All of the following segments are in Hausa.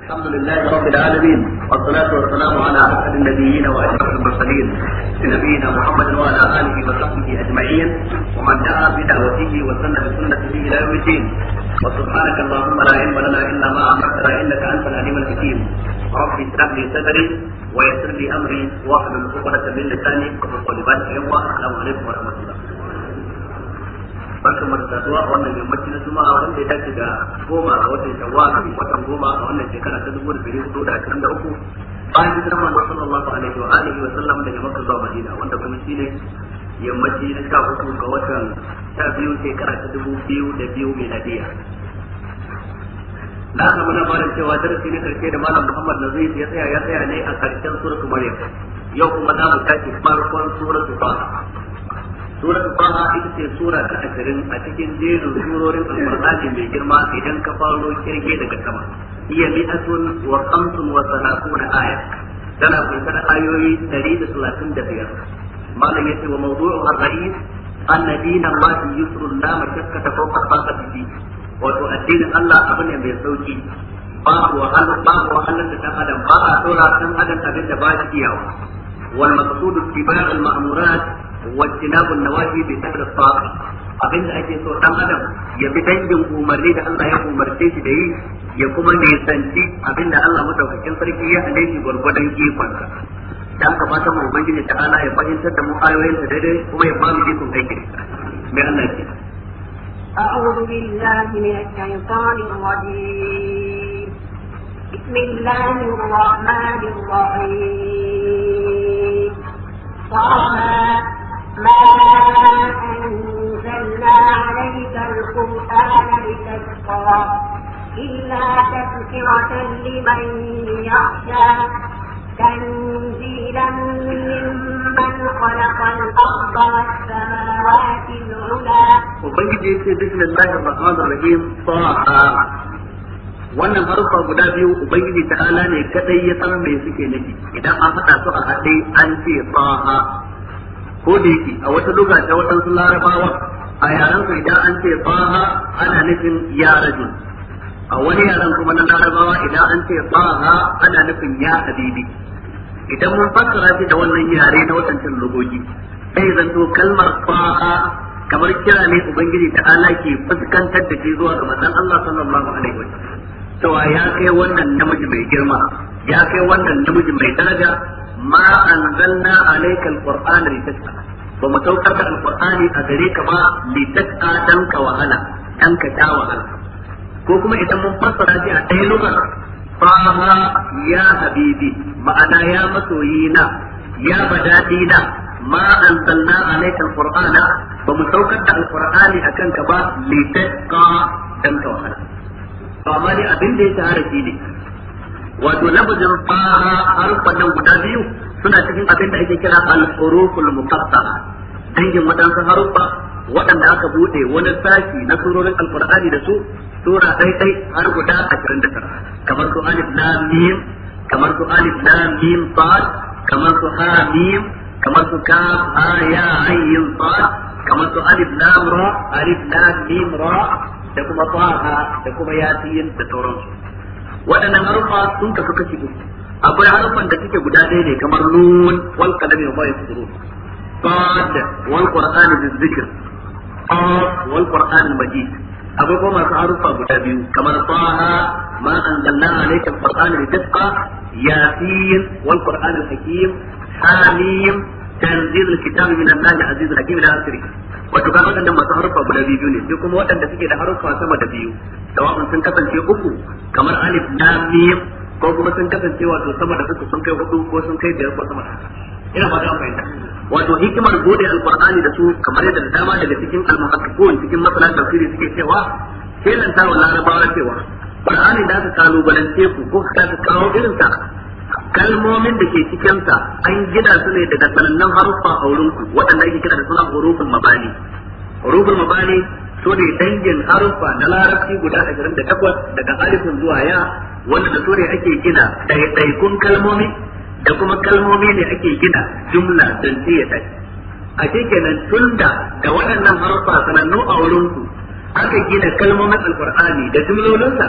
الحمد لله رب العالمين والصلاة والسلام على أحد النبيين وأشرف المرسلين نبينا محمد وعلى آله وصحبه أجمعين ومن دعا بدعوته وسن بسنته إلى يوم الدين وسبحانك اللهم لا علم لنا إلا ما علمتنا إنك أنت العليم الحكيم رب اشرح لي صدري ويسر لي أمري واحلل عقدة من لساني وقل بارك السلام عليكم ورحمة الله barkan mu da a wannan yammaci na juma'a wanda ya dace da goma a watan shawwal watan goma a wannan shekara ta dubu da dari hudu da ashirin da uku bayan hijirar manzo sallallahu alaihi wa alihi wa sallam daga makka zuwa madina wanda kuma ne yammaci na sha hudu ga watan sha biyu shekara ta dubu biyu da biyu miladiya na aka muna barin cewa darasi na karshe da malam muhammad nazir ya tsaya ya tsaya ne a karshen suratul maryam yau kuma za mu tashi farkon suratul fatiha surar baha ita ce sura ta ashirin a cikin jerin surorin alƙur'ani mai girma idan ka faro kirge daga sama iya mi'atun wa khamsun wa salatuna aya tana kunsa da ayoyi dari da talatin da biyar malam yace wa mawdu'u ar-ra'is anna din Allah yusrun la mashakkata fawqa taqatihi wato addinin Allah abu ne mai sauki babu wahalar babu wahalar da dan adam ba a tsora dan adam abin da ba shi iyawa wal maqsud ittiba' al-ma'murat wajtinabun nawafi bi sabr sa'i abin da ake so dan adam ya bi dangin umarni da Allah ya umarce shi da yi ya kuma ne santi abin da Allah madaukakin sarki ya hade shi gwargwadon ikonsa dan ka fata mu ubangiji ta ala ya fahimtar da mu ayoyin da daidai kuma ya bamu ikon aiki mai Allah ke أعوذ بالله من الشيطان الرجيم بسم الله الرحمن الرحيم ما أنزلنا عليك القرآن لتشقى إلا تذكرة لمن يخشى تنزيلا ممن خلق الأرض والسماوات العلى وبنجي بسم الله الرحمن الرحيم طه wannan harfa guda biyu ubangiji ta'ala ne kadai ya san me suke nufi idan an faɗa su a haɗe an ce ko da yake a wata lokacin ta waɗansu larabawa a yaran su idan an ce baha ana nufin ya rajul a wani yaran kuma na larabawa idan an ce baha ana nufin ya habibi idan mun fassara shi da wannan yare na waɗancan lugogi sai zanto kalmar baha kamar kira ne ubangiji ta ala ke fuskantar da ke zuwa ga manzon Allah sallallahu alaihi wasallam cewa ya kai wannan namiji mai girma ya kai wannan namiji mai daraja ma anzalna alayka alqur'ana litashqa ba mu saukar da alqur'ani a gare ka ba litashqa dan ka wahala dan ka ta wahala ko kuma idan mun fassara shi a ɗaya lugar fama ya habibi ma'ana ya masoyina ya na ma anzalna alayka alqur'ana ba mu saukar da alqur'ani akan ka ba litashqa dan ka wahala amma dai abin da ya shahara shi ne wato lafazin fara harfan nan guda biyu suna cikin abin da ake kira al-huruful muqattara dangin wadansu haruffa waɗanda aka bude wani sashi na surorin alqur'ani da su sura ɗaiɗai har guda 29 kamar su alif lam mim kamar su alif lam mim sad kamar su ha mim kamar su ka ha ya ayin sad kamar su alif lam ra alif lam mim ra da kuma faha da kuma yasin da sauransu waɗannan harufa sun kasu kashi uku akwai harufan da suke guda ɗaya ne kamar nun wal qalami wa ma yasturun qad wal qur'an bizikr qaf wal qur'an majid akwai kuma masu harufa guda biyu kamar taha ma anzalna alayka al qur'an litasqa yasin wal qur'an al hakim hamim تنزيل الكتاب من الله العزيز الحكيم الى اخره wato ga waɗannan masu haruffa guda biyu ne sai kuma waɗanda suke da haruffa sama da biyu tawafin sun kasance uku kamar alif na mim ko kuma sun kasance wato sama da uku sun kai hudu ko sun kai biyar ko sama da haka ina ba da fahimta wato hikimar gode alqur'ani da su kamar yadda dama daga cikin almuhaddithun cikin masala tafsiri suke cewa sai nan tawo larabawa cewa qur'ani da aka kalubalance ku ko ka kawo irin ta kalmomin da ke cikinsa an gina su ne daga sanannan haruffa a wurin ku waɗanda ake kira da suna hurufin mabani hurufin mabani su ne dangin haruffa na larabci guda ashirin da takwas daga alifin zuwa ya wanda da su ne ake gina ɗaiɗaikun kalmomi da kuma kalmomi ne ake gina jumla don ya tashi a nan tun da da waɗannan haruffa sanannu a wurin ku aka gina kalmomin alkur'ani da jumlolinsa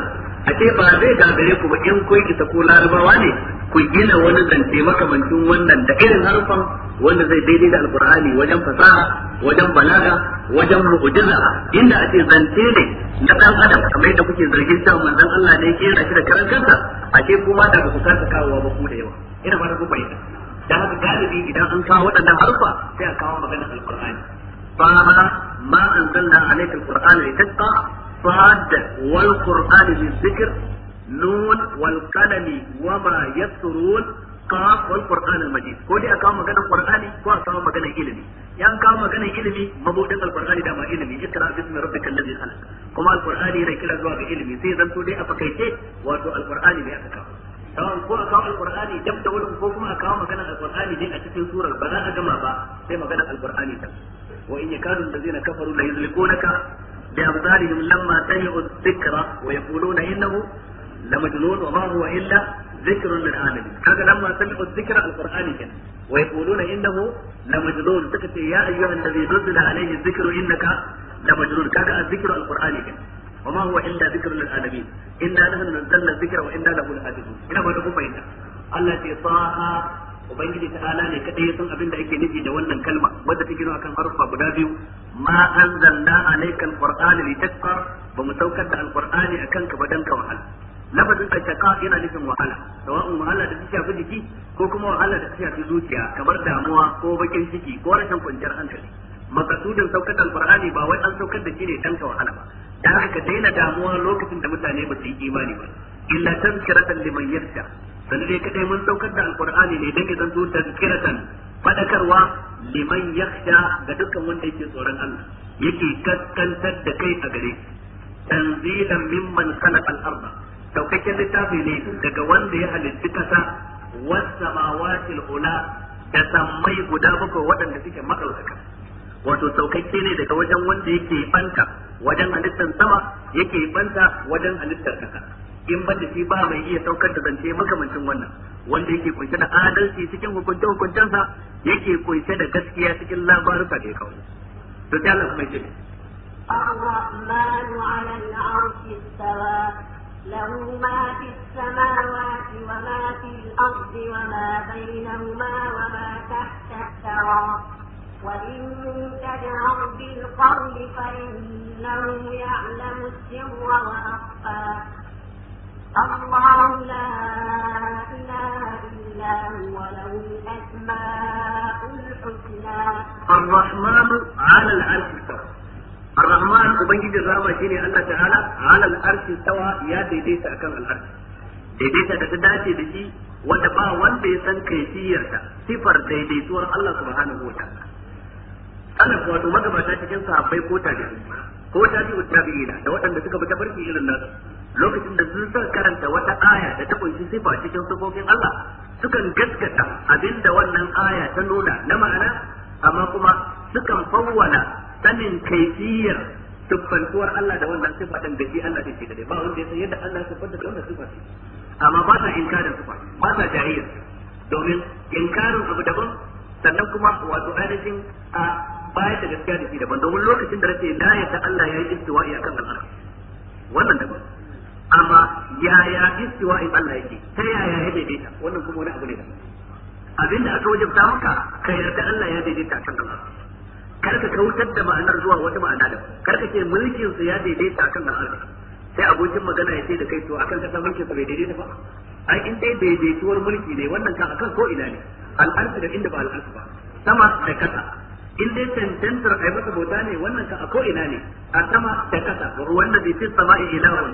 ce ba zai gagare ku ba in kun isa ko larabawa ne ku gina wani zance makamancin wannan da irin harfan wanda zai daidai da alkur'ani wajen fasaha wajen balaga wajen mu'jiza inda ce zance ne na dan adam kamar yadda kuke zargin cewa manzon Allah ne yake yana shi da karan kansa ake kuma daga ku kasa kawowa ba ku da yawa ina fara ku bayyana dan haka galibi idan an kawo waɗannan harfa sai a kawo maganar alkur'ani fa ma anzalna alaikal qur'ana litashqa صاد والقرآن ذي الذكر نون والقلم وما يسرون qaf wal qur'an al majid ko dai aka magana qur'ani ko aka magana ilimi yan ka magana ilimi mabudin al qur'ani da ma ilimi ikra bismi rabbikal ladzi kuma al qur'ani yana kira zuwa ga ilimi sai zanto dai a fakaice wato al qur'ani ne aka kawo sawan ko aka al qur'ani dab da wurin ko kuma aka magana al qur'ani dai a cikin surar ba za a gama ba sai magana al qur'ani ta wa in yakadu allazina kafaru la yuzlikunaka بأبصارهم لما سمعوا الذكر ويقولون إنه لمجنون وما هو إلا ذكر للعالمين هذا لما سمعوا الذكر القرآن كان ويقولون إنه لمجنون تكتي يا أيها الذي نزل عليه الذكر إنك لمجنون كذا الذكر القرآن كان وما هو إلا ذكر للعالمين إنا نحن نزلنا الذكر وإنا له لحافظون إلى ما تقول فإنه التي طه ubangiji ta ala ne kadai san abin da ake nufi da wannan kalma wadda take nuna kan harfa guda biyu ma anzalna alaykal qur'ana litashqa ba mu saukar da alqur'ani akan ka badan ka wahala lafazin ashaka yana nufin wahala sawa'un wahala da ta shafi jiki ko kuma wahala da ta shafi zuciya kamar damuwa ko bakin ciki ko rashin kwanciyar hankali makasudin saukar alqur'ani ba wai an saukar da shi ne dan ka wahala ba dan haka daina damuwa lokacin da mutane ba su yi imani ba illa tazkiratan liman yakhsha sani dai kadai mun daukar da alqur'ani ne dan idan zuwa tazkiratan fadakarwa liman yakhsha ga dukkan wanda yake tsoron Allah yake kaskantar da kai a gare tanzilan mimman khalaqa al-ardh daukakken littafi ne daga wanda ya halitta kasa was samawati al-ula da sammai guda bako waɗanda suke madaukaka wato saukakke ne daga wajen wanda yake banta wajen halittar sama yake banta wajen halittar kasa in banda shi ba mai iya saukar da zance makamancin wannan wanda yake kunshe da adalci cikin hukunce hukuncensa yake kunshe da gaskiya cikin labaruka da ya kawo to ta Allah kuma yake الرحمن على العرش استوى له ما في السماوات وما في الأرض وما بينهما وما تحت الثرى وإن تجهر بالقول فإنه يعلم السر وأخفى الله لا إله إلا الرحمن على العرش استوى الرحمن ubangiji rama shine Allah ta'ala ala al-arsh tawa ya daidaita akan al-arsh daidaita da ta dace da shi wanda ba wanda ya san kaifiyarta sifar daidaituwar Allah subhanahu wa ta'ala ana wato magabata cikin sahabbai ko tabi'i ko tabi'u tabi'ina da waɗanda suka bi tabarki irin nasu lokacin da sun san karanta wata aya da ta kunshi sifa cikin sifofin Allah sukan gaskata abinda wannan aya ta nuna na ma'ana amma kuma sukan fawwala sanin kaifiyar siffantuwar Allah da wannan sifa din da shi Allah din da ba wanda ya san yadda Allah ya siffanta da wannan sifa amma ba sa inkarin sifa ba sa jahiliya domin inkarin abu daban sannan kuma wato ainihin a baya da gaskiya da shi daban domin lokacin da rake da ya ta Allah ya yi istiwa'i akan al'arshi wannan daban amma yaya in Allah yake ta yaya ya daidaita wannan kuma wani abu ne da abinda aka wajabta maka ka yarda Allah ya daidaita kan Allah kar ka kautar da ma'anar zuwa wata ma'ana da kar ka ce mulkin su ya daidaita kan Allah sai abokin magana ya ce da kai to akan kasa mulkin su bai daidaita ba ai in dai daidaituwar mulki ne wannan kan akan ko ina ne al'arsu da inda ba al'arsu ba sama da kasa in dai tantantar ai masa bauta ne wannan ka a ko ina ne a sama da kasa ruwan da bai fi sama in ilahun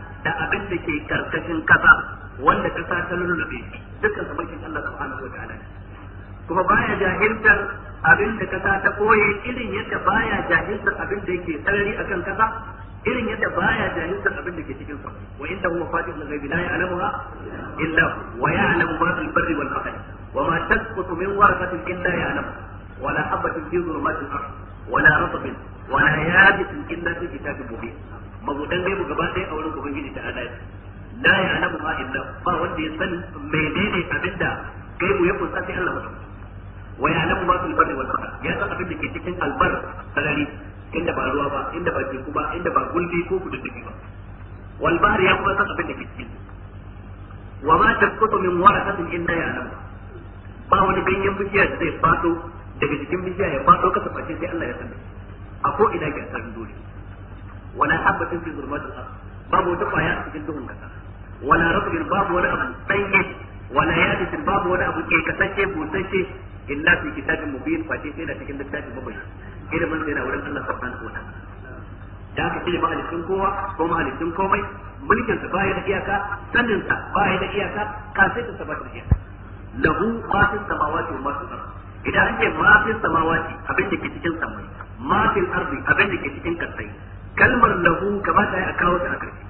da abin da ke karkashin kasa wanda kasa ta lulluɓe dukkan sa mulkin Allah subhanahu wataala kuma baya jahiltar abin da kasa ta koye irin yadda baya jahiltar abin da yake sarari akan kasa irin yadda baya jahiltar abin da ke cikin sa wa inda huwa fatihul ghaibi la ya'lamuha illa wa ya'lamu ma fil barri wal bahri wa ma tasqutu min warqatin illa ya'lamuha ولا حبة في ظلمات الأرض ولا رطب ولا يابس إلا في كتاب مبين mabudan gaibu gaba ɗaya a wurin ubangiji ta ala yi ya'lamu ma inda ba wanda ya sani menene abinda gaibu ya kunsa sai Allah masu wa ya'lamu ma sun barri wal ya san abin da ke cikin albar sarari inda ba ruwa ba inda ba teku ba inda ba gulbi ko kududdufi ba wal ya kuma san abin da ke cikin wa ma tasqutu min inda ya ya'lamu ba wani ganyen bishiya da zai fado daga cikin bishiya ya fado kasa face sai Allah ya sani a ko ina ke san dole wala habatin fi zulmatil ard babu wata ya a cikin duhun kasa wala rabbin babu wani abu sanye wala yadisin babu wani abu ke kasance busasshe illa fi kitabin mubin fa sai da cikin littafin mabayyana ilimin sai na wurin Allah subhanahu wa ta'ala da aka ce mahalicin kowa ko mahalicin komai mulkin sa baya da iyaka sanin sa baya da iyaka kasaitin sa baya da iyaka lahu ma fi samawati wa ma fi ardh idan an ce ma fi samawati abin da ke cikin samai ma fi ardh abin da ke cikin kasai kalmar lahu kamata ya kawo ta a ƙarshe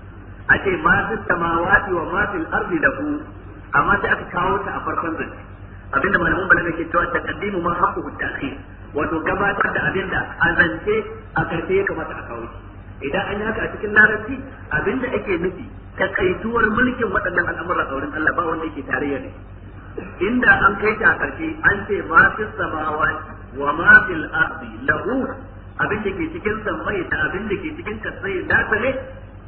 a ce ma fi samawati wa ma fil ardi lahu amma sai aka kawo ta a farkon zance abinda malamin ne ke cewa taqaddimu ma haqqu ta'khir wato gabatar da abinda a zance a ƙarshe ya kamata a kawo shi idan an yi haka a cikin larabci abinda ake nufi ta takaituwar mulkin waɗannan al'amuran a wurin Allah ba wanda yake tarayya ne inda an kai ta a karshe an ce ma fi samawati wa ma fil ardi lahu abin da ke cikin mai da abin da ke cikin kasai nasa ne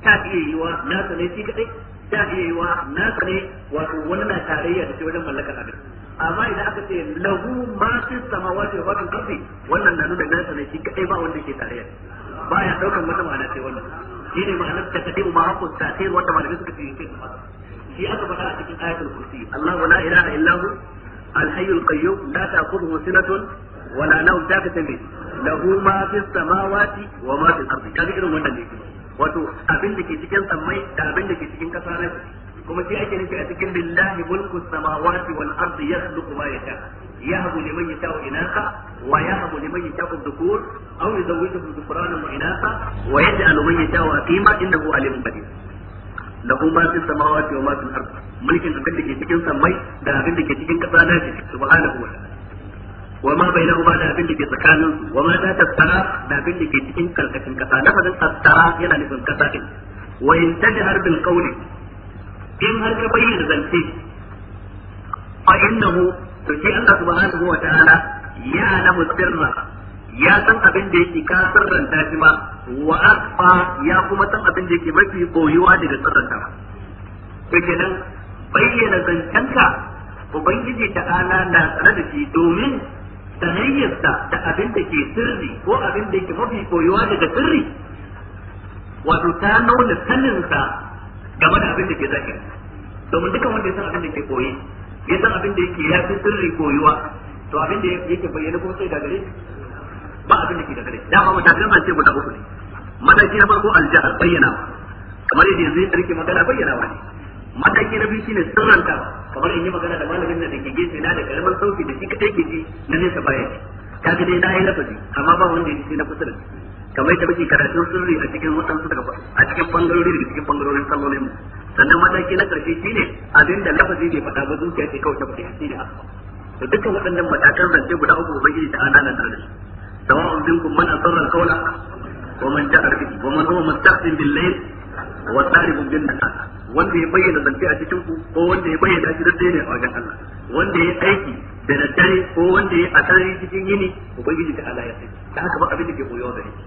ta iya yiwa nasa ne shi kadai ta iya yiwa nasa ne wato wani na tarayya da shi wajen mallakar abin amma idan aka ce lahu ma fi samawati wa fi ardi wannan na nuna na ne shi kadai ba wanda ke tarayya baya daukan wata ma'ana sai wannan shine ma'anar ta kadai ma hakku tasir wanda malamai suka ce shi shi aka faɗa a cikin ayatul kursi Allahu la ilaha illa hu al-hayyul qayyum la ta'khudhuhu sinatun wala nahu ta ka tambaye lahu ma fi samawati wa ma fi ardi kaga irin wato abin da ke cikin sammai da abin da ke cikin kasa ne kuma sai ake nufi a cikin lillahi mulku samawati wal ardi yakhluqu ma yasha يهب لمن يشاء إناثا ويهب لمن يشاء الذكور أو يزوجهم ذكرانا وإناثا ويجعل من يشاء أقيما إنه عليم قدير له ما في السماوات وما في الأرض ملك أبن لك يتكين سمي دا أبن لك يتكين كفانا سبحانه وتعالى وما بينهما da abin da ke tsakanin su wa ma ta tsara da abin da ke cikin karkashin kasa lafazin tsara yana nufin kasa din wa in tajhar bil qawli in har ka bayyana zance A fa mu to shi Allah subhanahu wa ta'ala ya alamu sirra ya san abin da yake ka sirranta shi ba, wa akfa ya kuma san abin da yake mafi koyuwa daga sirranta ba? to kenan bayyana zancenka ubangiji ta'ala na tsare da shi domin sanayyarsa da abin da ke sirri ko abin da ke mafi koyuwa daga sirri wato ta nuna saninsa game da abin da ke zaki domin dukan wanda ya san abin da ke koyi ya san abin da yake ya fi sirri koyuwa to abin da yake bayyana ko sai da gare ba abin da ke da gare dama matakan ce guda uku ne mataki na farko aljahar bayyana kamar yadda yanzu ya rike magana bayyana ne. mataki na biyu shine sirranta kamar in yi magana da malamin da ke gefe na da karamin sauki da shi kadai ke ji na nesa baya ta ga dai na yi lafazi amma ba wanda ya ji na kusa da shi kamar ta bace karatun sirri a cikin wasansu daga a cikin bangarori daga cikin bangarorin sallolin mu sannan mataki na karshe shine da lafazi bai faɗa ba zuciya ce kawai ta fita shi ne haka to dukkan waɗannan matakan zance guda uku ubangiji ta ana nan tare da sawa'un minkum man na al-qawla wa man ja'a bihi wa man huwa mustaqbil bil wa tarikun bin-nahar wanda ya bayyana zance a cikin ku ko wanda ya bayyana shi dai ne a wajen Allah wanda ya aiki da daddare ko wanda ya asari cikin yini ubangiji ta Allah ya sai da haka ba abin da ke koyo gare shi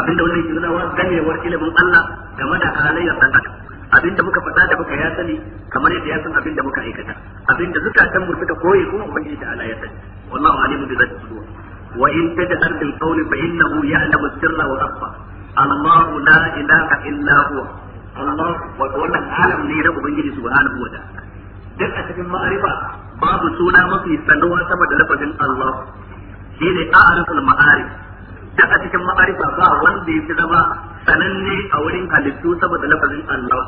abin da wannan kina wa ganewar ilimin Allah game da halayyar dan adam abin da muka faɗa da muka ya sani kamar yadda ya san abin da muka aikata abin da zukatan mu suka koyi kuma ubangiji ta Allah ya sani wallahu alimu bi zati sudur wa in tajhar bil qawli fa innahu ya'lamu sirra wa akhfa Allahu la ilaha illa huwa Allah wato wannan alam ne na ubangiji subhanahu wa ta'ala duk a cikin ma'arifa babu suna mafi sanduwa sama da lafazin Allah shine a'riful ma'arif duk a cikin ma'arifa ba wanda fi zama sananne a wurin halittu saboda lafazin Allah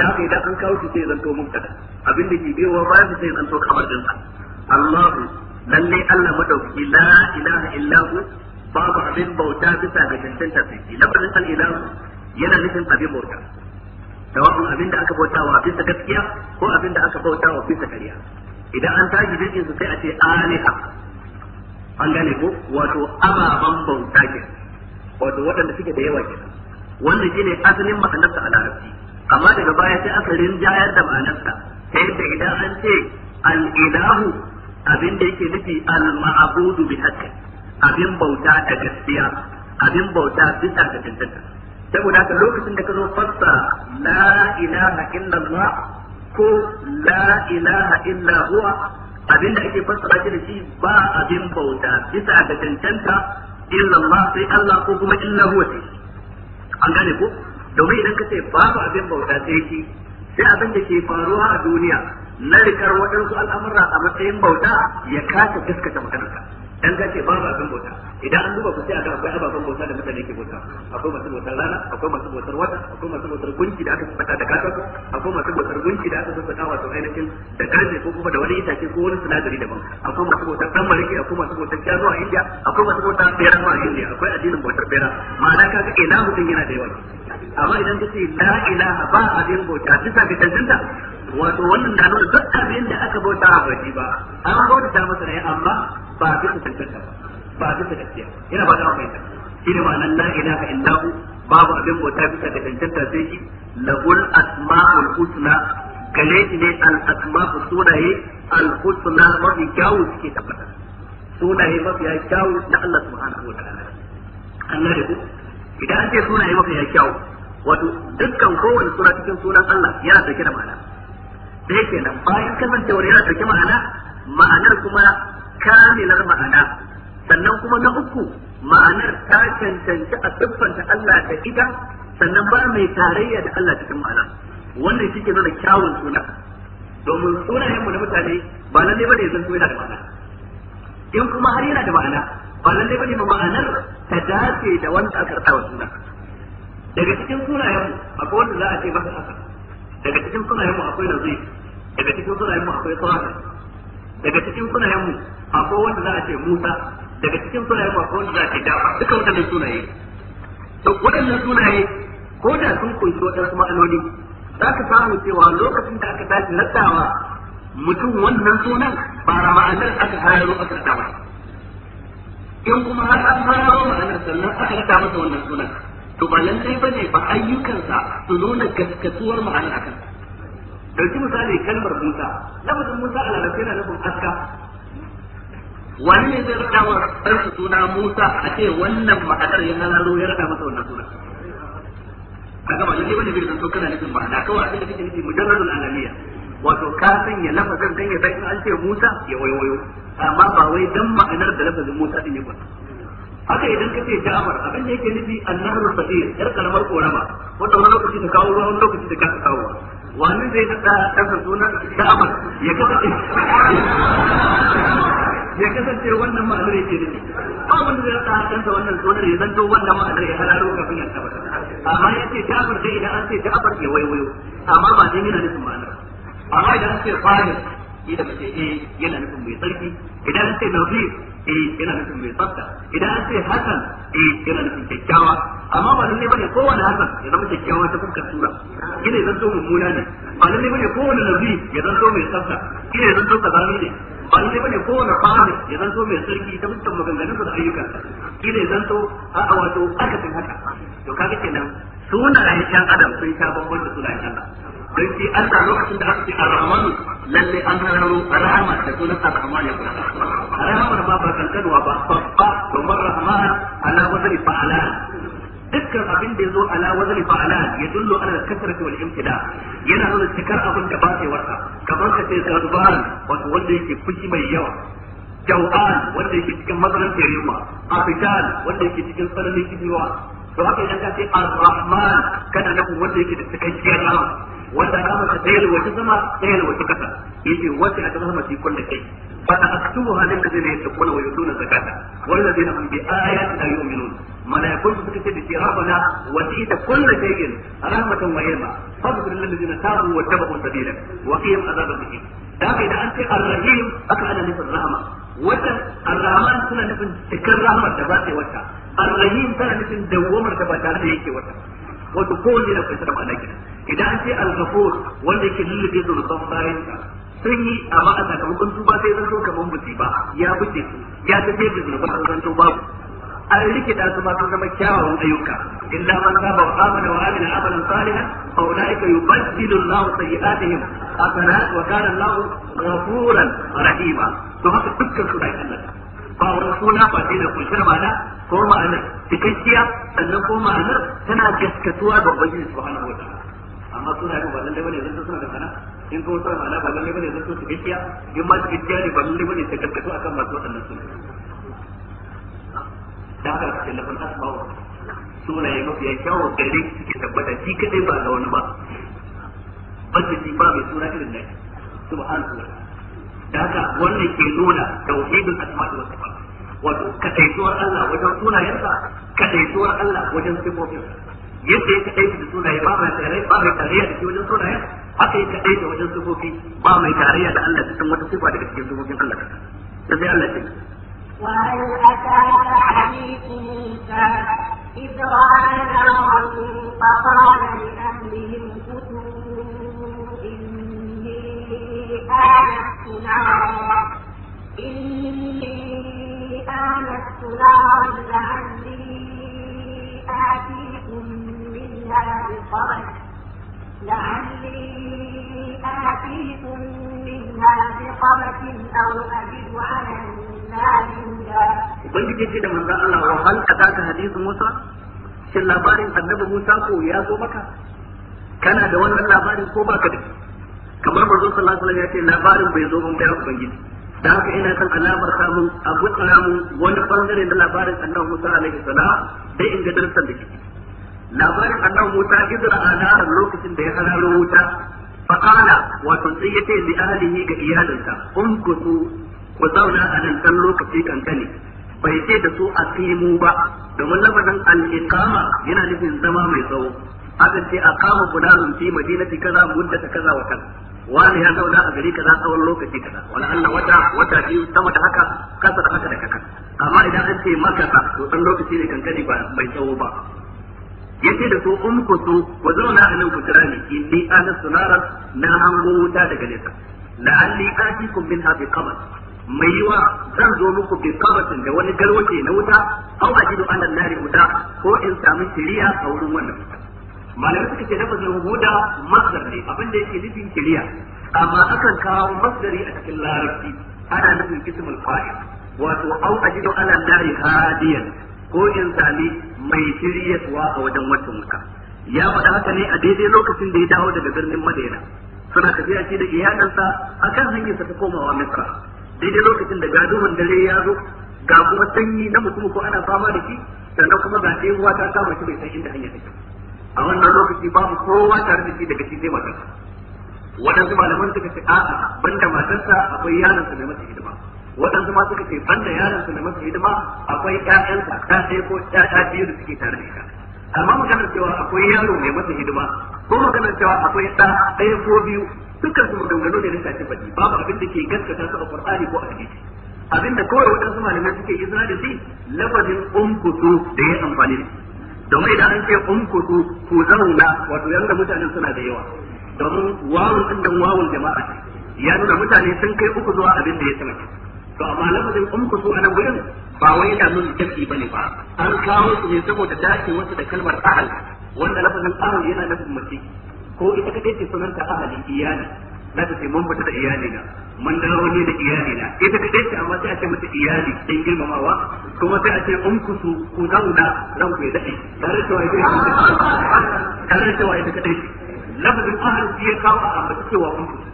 da haka idan an kawo shi sai zanto mubtada abin da ke biyowa ba shi sai zanto kamar dinsa Allah lalle Allah madauki la ilaha illa hu babu abin bauta bisa ga cancanta sai lafazin al-ilahu yana nufin abin bauta sawa'un abin da aka bauta wa bisa gaskiya ko abin da aka bauta wa bisa kariya idan an tashi dai su sai a ce aliha an gane ko wato ababan bauta ke wato waɗanda suke da yawa kenan wannan shine asalin ma'anar a larabci amma daga baya sai aka jayar da ma'anar ta da idan an ce al-ilahu abin da yake nufi al-ma'budu bi haqqi abin bauta da gaskiya abin bauta bisa ga tantance saboda haka lokacin da ka zo fassa la ilaha illallah ko la ilaha illa abin da ake fassara shi da shi ba abin bauta bisa ga cancanta illallah sai Allah ko kuma illa huwa sai an gane ko domin idan ka ce babu abin bauta sai shi sai abin da ke faruwa a duniya na rikar waɗansu al'amura a matsayin bauta ya kasa fuskata maganarka dan ka ce babu abin bauta idan an duba ku sai aga akwai ababen bauta da mutane ke bauta akwai masu bautar rana akwai masu bautar wata akwai masu bautar gunki da aka fada da katako akwai masu bautar gunki da aka da wato ainihin da kaje ko kuma da wani itace ko wani sinadari daban akwai masu bautar dan mariki akwai masu bautar kyazo a India akwai masu bautar bera a India akwai addinin bautar bera ma'ana kaga ilahu din yana da yawa amma idan ce la ilaha ba abin bauta bisa ga tantanta wato wannan na nuna duk abin da aka bauta a baki ba an bauta masa ne amma ba bisa tantance ba bisa gaskiya ina ba za mu yi shi ne ma'anar la ilaha illahu babu abin bauta bisa ga tantance sai shi lahul asma'ul husna gale shi ne al asma'ul sunaye al husna mafi kyawu suke tabbata sunaye mafi kyawu na Allah subhanahu wa ta'ala Allah da ku idan an ce sunaye mafi kyawu wato dukkan kowane suna cikin sunan Allah yana da kira ma'ana sai kenan bayan wani yana ɗauke ma'ana ma'anar kuma kamilar ma'ana sannan kuma na uku ma'anar ta cancanci a siffanta Allah da ita sannan ba mai tarayya da Allah cikin ma'ana wannan shi ke nuna kyawun suna domin sunayen mu na mutane ba lalle bane zan zanto yana da ma'ana in kuma har yana da ma'ana ba lalle bane ma ma'anar ta dace da wanda aka rasa wa suna daga cikin sunayen mu akwai wanda za a ce ba haka daga cikin sunayen mu akwai zai daga cikin sunayen mu akwai Sahar daga cikin sunayen mu akwai wanda za a ce Musa daga cikin sunayen mu akwai wanda za a ce Dafa duka waɗannan sunaye to waɗannan sunaye ko da sun kunshi waɗansu ma'anoni za ka samu cewa lokacin da aka tashi nasawa mutum wannan sunan ba ma'anar aka hayaro aka ta ba in kuma har an hararo ma'anar sannan aka nasa masa wannan sunan to ba lallai ba ne ba ayyukansa su nuna gaskatuwar ma'anar akan dauki misali kalmar Musa lafazin Musa a larabci yana nufin aska wani ne zai rada wa ɗansa suna Musa a ce wannan ma'anar ya halalo ya rada masa wannan suna a gaba lalle wani bai zanto kana nufin ma'ana kawai a cikin kake nufi mujarradul alamiya wato ka sanya lafazin kan ya san an ce Musa ya wayoyo amma ba wai dan ma'anar da lafazin Musa din ya ba haka idan ka ce Ja'far abin da yake nufi annahru sadir yar karamar korama wanda wani lokaci ta kawo ruwa wani lokaci ta kasa kawo wani zai da ɗansa sunan da'amar ya kasance ya kasance wannan ma'anar yake da ba wani zai da ɗansa wannan sunan ya zanto wannan ma'anar ya halaro kafin ya tabbata amma ya ce da'amar dai idan an ce da'amar ya waiwayo amma ba dai yana nufin ma'anar amma idan an ce fadin idan mace eh yana nufin mai sarki. idan an ce nazir eh ina nufin mai tsafta idan an ce hasan eh ina nufin kyakkyawa amma ba lalle bane kowane hasan ya zama kyakkyawa ta fuskar sura kina zan so mummuna ne ba lalle bane kowane nabi ya zan so mai tsafta kina zan so kazami ne ba lalle bane kowane fahimi ya zan so mai sarki ta fuskar maganganunsa da ayyukansa kina zan so a wato akasin haka to kaga kenan sunayen yan adam sun sha bambam da sunayen Allah bai ce Allah lokacin da aka ce Ar-Rahman lalle an hararo rahama da sunan Ar-Rahman ya fara rahamar ba ba kankanwa ba fa kamar rahman ala wazri fa'ala dukkan abin da yazo ala wazri fa'ala ya dullo ala kasrati wal imtida yana nuna cikar abin da ba sai warka kamar ka ce gadban wato wanda yake fushi mai yawa jaw'an wanda yake cikin matsalar yunwa afitan wanda yake cikin tsananin kibiwa to haka idan ka ce ar-rahman kana nufin wanda yake da cikakkiyar rahama aka dama ta tsaye wata sama da wata kasa yace wata a dama shi kullu kai fa aktubuha lil ladina yattaquna wa yutuna zakata na wal ladina hum yi ayatina Mana ya su suka ce da rabbana wa ta'ita kullu shay'in rahmatan wa ilma fadhkur lil ladina tabu wa tabu sabila wa qihim adhaban jahim da kai da an ce ar-rahim aka ana nufin rahama wata ar suna nufin cikin rahmar da ba ta wata ar-rahim tana nufin dawwamar da ba tare da yake wata wato kowanne na kusa da ma'ana kenan idan an ce wanda yake lullube su da bayan sun yi amma a sakamakon tuba sai zan so kamar ba. ya buce su ya tafi da zunuban an zanto babu an rikida su ma sun zama kyawawan ayyuka illa man saba wa amana wa amila amalan salihan fa ulaika yubaddilu Allahu sayyi'atihim hasanat wa kana Allahu ghafuran rahima to haka dukkan su da Allah ba wani suna ba sai da kunshin ma'ana ko ma'anar cikakkiya sannan ko ma'anar tana gaskatuwa ga Ubangiji subhanahu wa ta'ala amma sunayen ba lallai bane zan suna da ma'ana in kuma suna ma'ana ba lallai bane zan su gaskiya in ma su gaskiya ne ba lallai bane su gaskatu akan masu waɗannan sunaye da haka cikin lafin asmawa sunaye mafiya kyawun gari suke tabbata shi kadai ba ga wani ba banda shi ba mai suna irin nan subhanallah da haka wannan ke nuna tauhidul asma'i wa sifat wato kadaituwar Allah wajen sunayensa kadaituwar Allah wajen sifofinsa yadda ya kaɗai da sunaye ba mai tarayya ba mai tarayya da wajen sunaye haka ya kaɗai wajen sufofi ba mai tarayya da Allah cikin wata sifa daga cikin sufofin Allah da sai Allah ce وهل أتاك حديث موسى إذ رأى نارا فقال لأهلهم كتبوا إني آنست إني آنست نارا لعلي آتيكم أصحاب القبر لعلي آتيكم منها بقبس أو أجد على النار Ubangiji ce da manzan Allah wa hal ka taka hadisin Musa shin labarin annabi Musa ko ya zo maka kana da wannan labarin ko baka da kamar manzo sallallahu alaihi ya ce labarin bai zo mun bayar ubangiji da haka ina kan alamar samun abu tsaramun wani bangare na labarin annabi Musa alaihi salam sai in ga darsan da ke. labarin annabi Musa idra ala lokacin da ya hararo wuta faqala wato sai yace li ahlihi ga iyalinsa umkutu ku zauna a nan san lokaci kankani bai ce da su a kimu ba domin lafazin al-iqama yana nufin zama mai tsawo aka ce aqama fulanun fi madinati kaza muddata kaza wa kaza wani ya zauna a gari kaza tsawon lokaci kaza wala Allah wata wata biyu sama da haka kasa da haka da kaka amma idan an ce maka to dan lokaci ne kankani ba mai tsawo ba yace da su ku kutu ku zauna a nan ku kira ni inni ana sunara na hango wuta daga nesa la'alli atikum min hafi qabr mai yiwa zan zo muku bi qabatin da wani garwace na wuta aw ajidu ala nari huda ko in samu shiriya a wurin wannan malamai suka ce lafazin huda masdar ne abin da yake nufin shiriya amma akan kawo masdari a cikin larabci ana nufin ismul fa'il wato aw ajidu ala nari hadiyan ko in sami mai shiryatwa a wajen wata muka ya faɗa haka ne a daidai lokacin da ya dawo daga birnin Madina suna tafiya shi da iyalansa akan hanyarsa ta komawa Misra daidai lokacin da gaduhun dare ya zo ga kuma sanyi na mutum ko ana fama da shi sannan kuma ga ɗayan uwa ta kama shi bai san inda hanyar take a wannan lokaci babu kowa tare da shi daga shi zai matarsa waɗansu malaman suka ce a'a banda matarsa akwai yaransa mai mata hidima waɗansu ma suka ce banda yaran su da masu hidima akwai sa ta ɗaya ko ƴaƴa biyu da suke tare da ita amma maganar cewa akwai yaro mai masa hidima ko maganar cewa akwai ɗa ɗaya ko biyu dukkan su maganganu ne na shafi baki babu abin da ke gaskata su a ƙur'ani ko a hadisi da kawai waɗansu malamai suke izina da shi lafazin umkutu da ya amfani da domin idan an ce umkutu ku zauna wato yanda mutanen suna da yawa domin wawun ɗin dan wawun jama'a ya nuna mutane sun kai uku zuwa abin da ya sama to amma lafazin umkusu a nan gurin ba wai yana nuna tafi bane ba an kawo su ne saboda dace wata da kalmar ahal wanda lafazin ahal yana nufin mace ko ita kadai ce sunanta ahalin iyali Na ta ce mun da iyali na mun dawo ne da iyali na ita kadai ce amma sai a ce mata iyali dan girmamawa kuma sai a ce umkusu ku zauna ran ku ya dade tare da wai tare da wai ita kadai lafazin ahal shi ya kawo a ambata cewa umkusu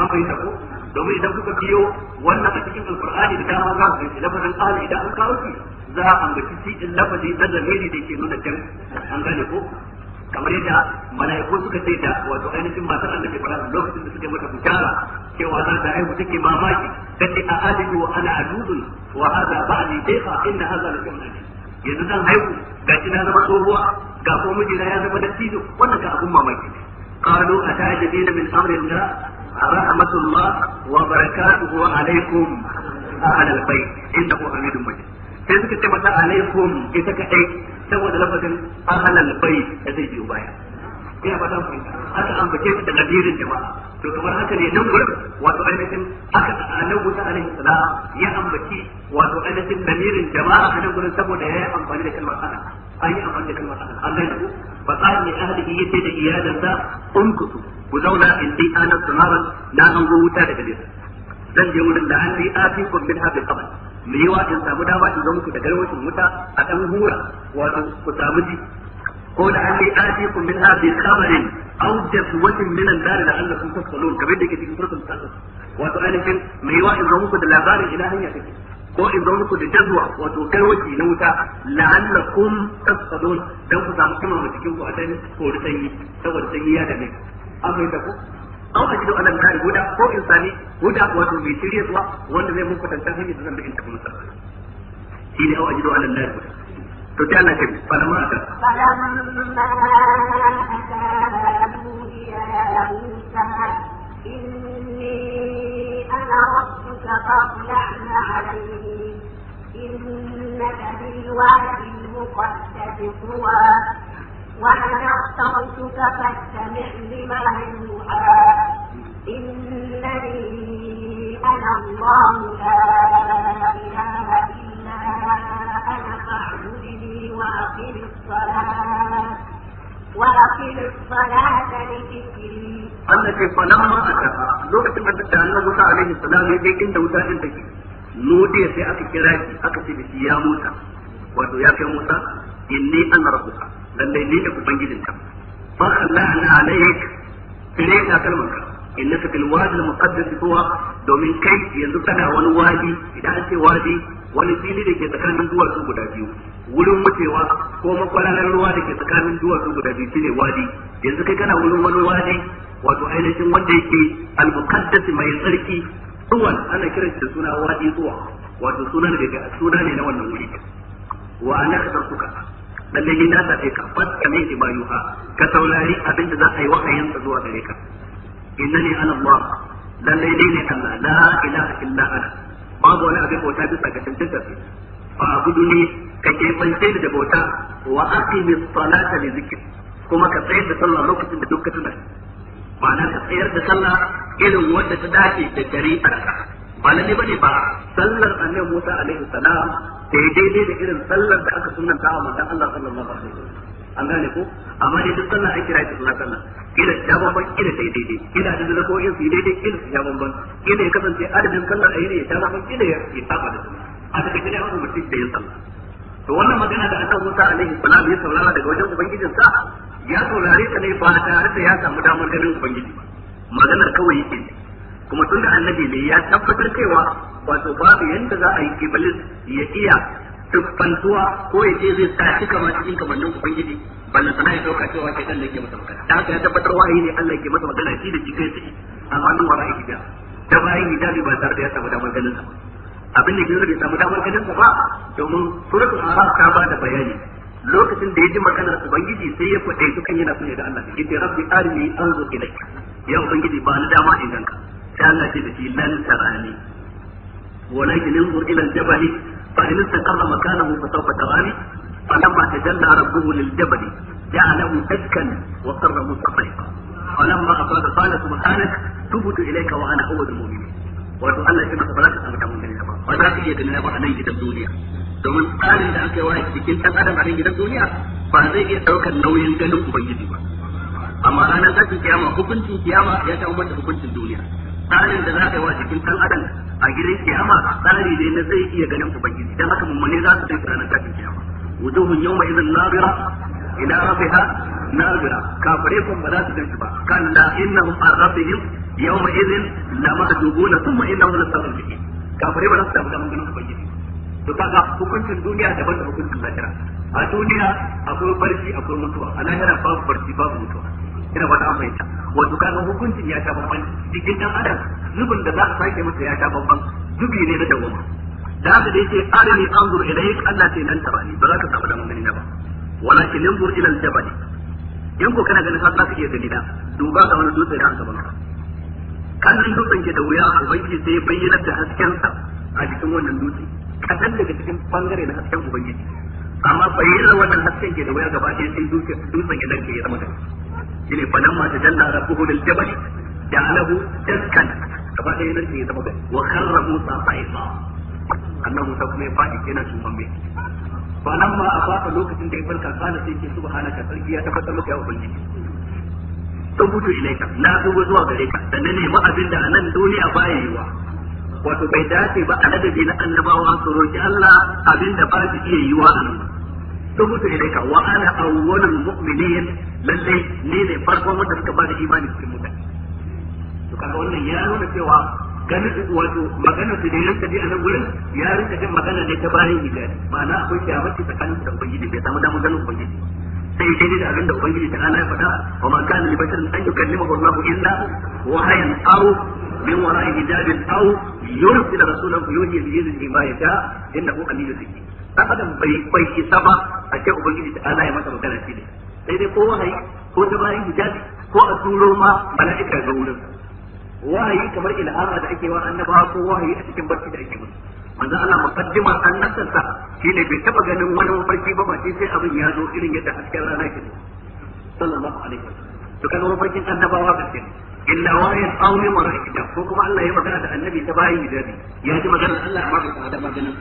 an bai ta ko domin idan kuka biyo wannan a cikin alqur'ani da dama za ku ga lafazin ahli idan an kawo shi za a ambaci shi lafazi da zamiri da ke nuna jan an gane ko kamar yadda mala'iku suka ce da wato ainihin matar Allah ke fara lokacin da suke mata bishara cewa za ta aihu take mamaki kace a alidu wa ana adudun wa hadha ba'li dayfa inna hadha la shay'un yanzu zan haihu ga na zama tsohuwa ga ko mijina ya zama dattijo wannan ka abun mamaki قالوا أتعجبين من أمر الله رحمة الله وبركاته عليكم أهل البيت إنه حميد مجد sai suka ce mata alaikum ita kadai saboda lafazin ahlal bait da zai biyo baya ina ba dan fahimta aka ambace shi da nadirin jama'a to kamar haka ne nan gurin wato ainihin aka annabi Musa alaihi salam ya ambaci wato ainihin nadirin jama'a a nan saboda ya yi amfani da kalmar ana an yi amfani da kalmar ahal an gane ku fa qala li ahlihi yace da iyalansa unkutu ku zauna in dai ana samaran na an go wuta daga nesa zan je wurin da an yi afi kun bin hafi kaban me yawa in samu dama in zo muku da garwashin wuta a dan hura wato ku samu ji ko da an yi afi kun bin hafi kabarin aw jaswatin min an-nar la'allakum tasallun kamar da yake cikin surtul talaq wato ainihin me yawa in zo muku da labarin ila hanya take ko in zo muku da jazwa wato waki na wuta la'allakum tasadun dan ku samu kuma mu cikin ku a dan kori sanyi saboda sanyi ya dame ne amma da ku an ka jido alam kari guda ko insani guda wato mai shirye zuwa wanda zai muku tantan hanyar da zan da in tafi musa shi ne an jido alam kari guda to sai Allah kai falamma aka falamma ربك فاطلعن عليه إنك بالوادي المقدس طوى وأنا اخترتك فاستمع لما يوحى إنني أنا الله لا إله إلا أنا فاعبدني وأقم الصلاة وأقم الصلاة لذكري Allah ce fa falamma aka lokacin da annabi Musa alaihi salam ya je inda wuta din take nudiya sai aka kira shi aka ce da shi ya Musa wato ya kai Musa inni ana rabbuka lallai ni da ubangijinka fa khallana alaik kire ka kalmanka innaka fil wadi al muqaddas huwa domin kai yanzu kana wani wadi idan an ce wadi wani fili da ke tsakanin duwatsu guda biyu wurin wucewa ko makwalalar ruwa da ke tsakanin duwatsu guda biyu shine wadi yanzu kai kana wurin wani wadi wato ainihin wanda yake al-muqaddas mai tsarki tuwan ana kiran da suna wadi tuwa wato suna ne daga suna ne na wannan wuri wa ana kasartuka lalle ni na tafi ka fatka mai ibayuha ka saurari abin da za a yi wahayin sa zuwa gare ka innani ana Allah lalle ni ne Allah la ilaha illa ana babu wani abin bauta bisa ga tantance sai fa abudu ne ka ke kebance da bauta wa aqimi salata li zikr kuma ka tsayar da sallah lokacin da dukkan tunani ma'ana ka tsayar da sallah irin wanda ta dace da shari'ar ka ba lalle bane ba sallar annabi Musa alaihi salam sai daidai da irin sallar da aka sunanta wa manzon Allah sallallahu alaihi wasallam an gane ko amma dai duk sallah an kira shi suna sallah da ta ban kila sai daidai kila da da ko yin su daidai kila su ban. ban kila ya kasance adadin sallar a yini ta ban kila ya yi saba da a daga kila ya mutum da yin sallah to wannan magana da annabi Musa alaihi salam ya saurara daga wajen ubangijinsa ya saurare ta ne ba tare da ya samu damar ganin ubangiji ba maganar kawai yake ne kuma tunda annabi ne ya tabbatar cewa wato babu yanda za a yi iblis ya iya tuffantuwa ko ya ce zai tashi kama cikin kamannin ubangiji ballan sana ya dauka cewa kai dan da yake masa magana da haka ya tabbatar wa'ayi ne Allah yake masa magana shi da shi kai tsaye amma nan wara yake da da bayan hijabi ba tare da ya samu damar ganin sa abin da ke zai samu damar ganin sa ba domin suratul araf ta ba da bayani lokacin da ya ji maganar ubangiji sai ya kwaɗe su kan yana so ya ga Allah yace rabbi arini anzu ilayka ya ubangiji ba ni dama in ganka sai Allah ce da shi lan tarani walakin anzur ila al-jabali fa in istaqarra makanahu fa sawfa tarani falamma tajalla rabbuhu lil-jabali ja'alahu dakkan wa qarra mustaqima falamma afada qala subhanak tubtu ilayka wa ana awwalul mu'minin wato Allah ya ce ba za ka samu damun da ba ba za ka iya ganin ba a nan gidan duniya domin tsarin da aka yi wa cikin ɗan adam a gidan duniya ba zai iya ɗaukar nauyin ganin ubangiji ba amma ranar tashin kiyama hukuncin kiyama ya ta da hukuncin duniya tsarin da za a yi wa cikin ɗan adam a gidan kiyama tsari ne na zai iya ganin ubangiji don haka mummune za su tafi ranar tashin kiyama wujuhun yawma idan nabira ila na nabira kafare kun ba za su tafi ba kalla innahum an rabbihim yawma idin la mahdubuna ma innahum la sabr kiyama kafare ba za su tafi ganin ubangiji to kaga hukuncin duniya daban da hukuncin lahira a duniya akwai barci akwai mutuwa a lahira babu barci babu mutuwa ina ba ta an wato kaga hukuncin ya ta bamban cikin dan adam zubin da za a sake masa ya ta bamban zubi ne na dawoma. da haka da yake arini anzur ilayk Allah sai nan tarani ba za ka samu mun gani na ba walakin yanzur ila al-jabal Yanko kana ganin har za ka iya gani duba ga wani dutse da aka bana kan kallon dutsen ke da wuya albanki sai bayyana da hasken sa a cikin wannan dutse kaɗan daga cikin bangare na hasken ubangiji amma bayyana wannan hasken ke da wayar gaba ɗaya sai dutsen idan ke ya zama gari shi ne fadan ma tajalla rabbuhu lil jabal ja'alahu daskan gaba ɗaya nan ke ya zama gari wa kharra musa sa'iqa Annan musa kuma ya faɗi yana tsuman mai fadan ma a faɗa lokacin da ya farka kana sai ke subhanaka sarki ya tabbatar maka ya ubangiji tubutu ilaika na dubo zuwa gare ka da ne ma abin da nan duniya baya yi yiwa wato bai dace ba a ladabi na annabawa su roki Allah abinda ba su iya yi wa nan saboda ne ka wa ana awwalul mu'minin lalle ne ne farkon wanda suka ba da imani cikin mutane to kaga wannan ya nuna cewa gani wato magana su ne nan kaje a nan gurin ya rinka jin magana ne ta bayan hijabi ma'ana akwai kiyamati tsakanin da ubangiji bai samu damar ganin ubangiji sai dai da abinda ubangiji ta ana faɗa wa ma kana li basharin an yukallimahu Allah illa wahayan aw min wara'i hijabin aw yursila rasulahu yuhi bi idnihi ma yasha innahu aliyyun hakim dan adam bai bai isa ba a ce ubangiji ta ana ya masa magana fili. sai dai ko wahayi ko ta bayan hijabi ko a turo ma mala'ika ga wurin wahayi kamar ilhama da ake wa annabawa ko wahayi a cikin barci da ake musu manzo Allah muqaddimar shi shine bai taba ganin wani mafarki ba ba sai abin ya zo irin yadda hasken rana ke sallallahu alaihi wasallam to kaga mafarkin annabawa gaske illa wahin qawmi wa rahida ko kuma Allah ya magana da annabi ta bayin hijabi ya ji magana Allah amma bai da maganin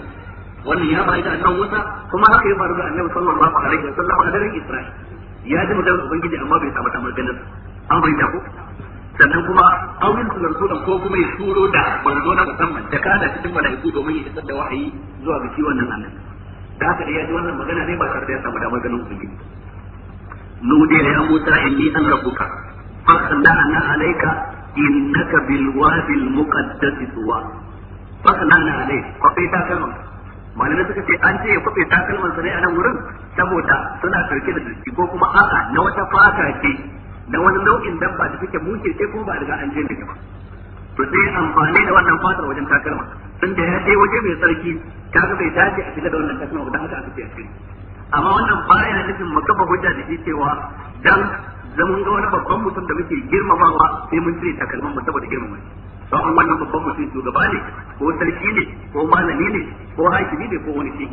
wannan ya bayi da annabi Musa kuma haka ya faru da annabi sallallahu alaihi wasallam a garin Isra'il ya ji magana ubangiji amma bai samu ta maganin an bai ta ko sannan kuma awin su rasulan ko kuma ya turo da manzo na musamman da kana cikin malaiku domin ya isar da wahayi zuwa ga shi wannan annabi da haka da ya ji wannan magana ne ba tare da ya samu damar ganin ubangiji nude ya musa inni an rabbuka fa sallana alayka innaka bil wadi al muqaddas tuwa fa sallana alayka ko kai ta kalmar malamai suka ce an ce ya kwafe takalman sa ne a nan wurin saboda suna karke da jiki ko kuma a'a na wata fata ce na wani nau'in dabba da suke muke ce kuma ba riga an je da ba to sai amfani da wannan fatar wajen takalma sun da ya je waje mai tsarki kaga bai dace a cikin da wannan takalma ba haka aka ce a cikin amma wannan baya nufin makafa hujja da shi cewa dan zaman ga wani babban mutum da muke girmamawa sai mun cire takalman mu saboda girmama to an wannan babban mutum shugaba ne ko sarki ne ko malami ne ko hakimi ne ko wani shi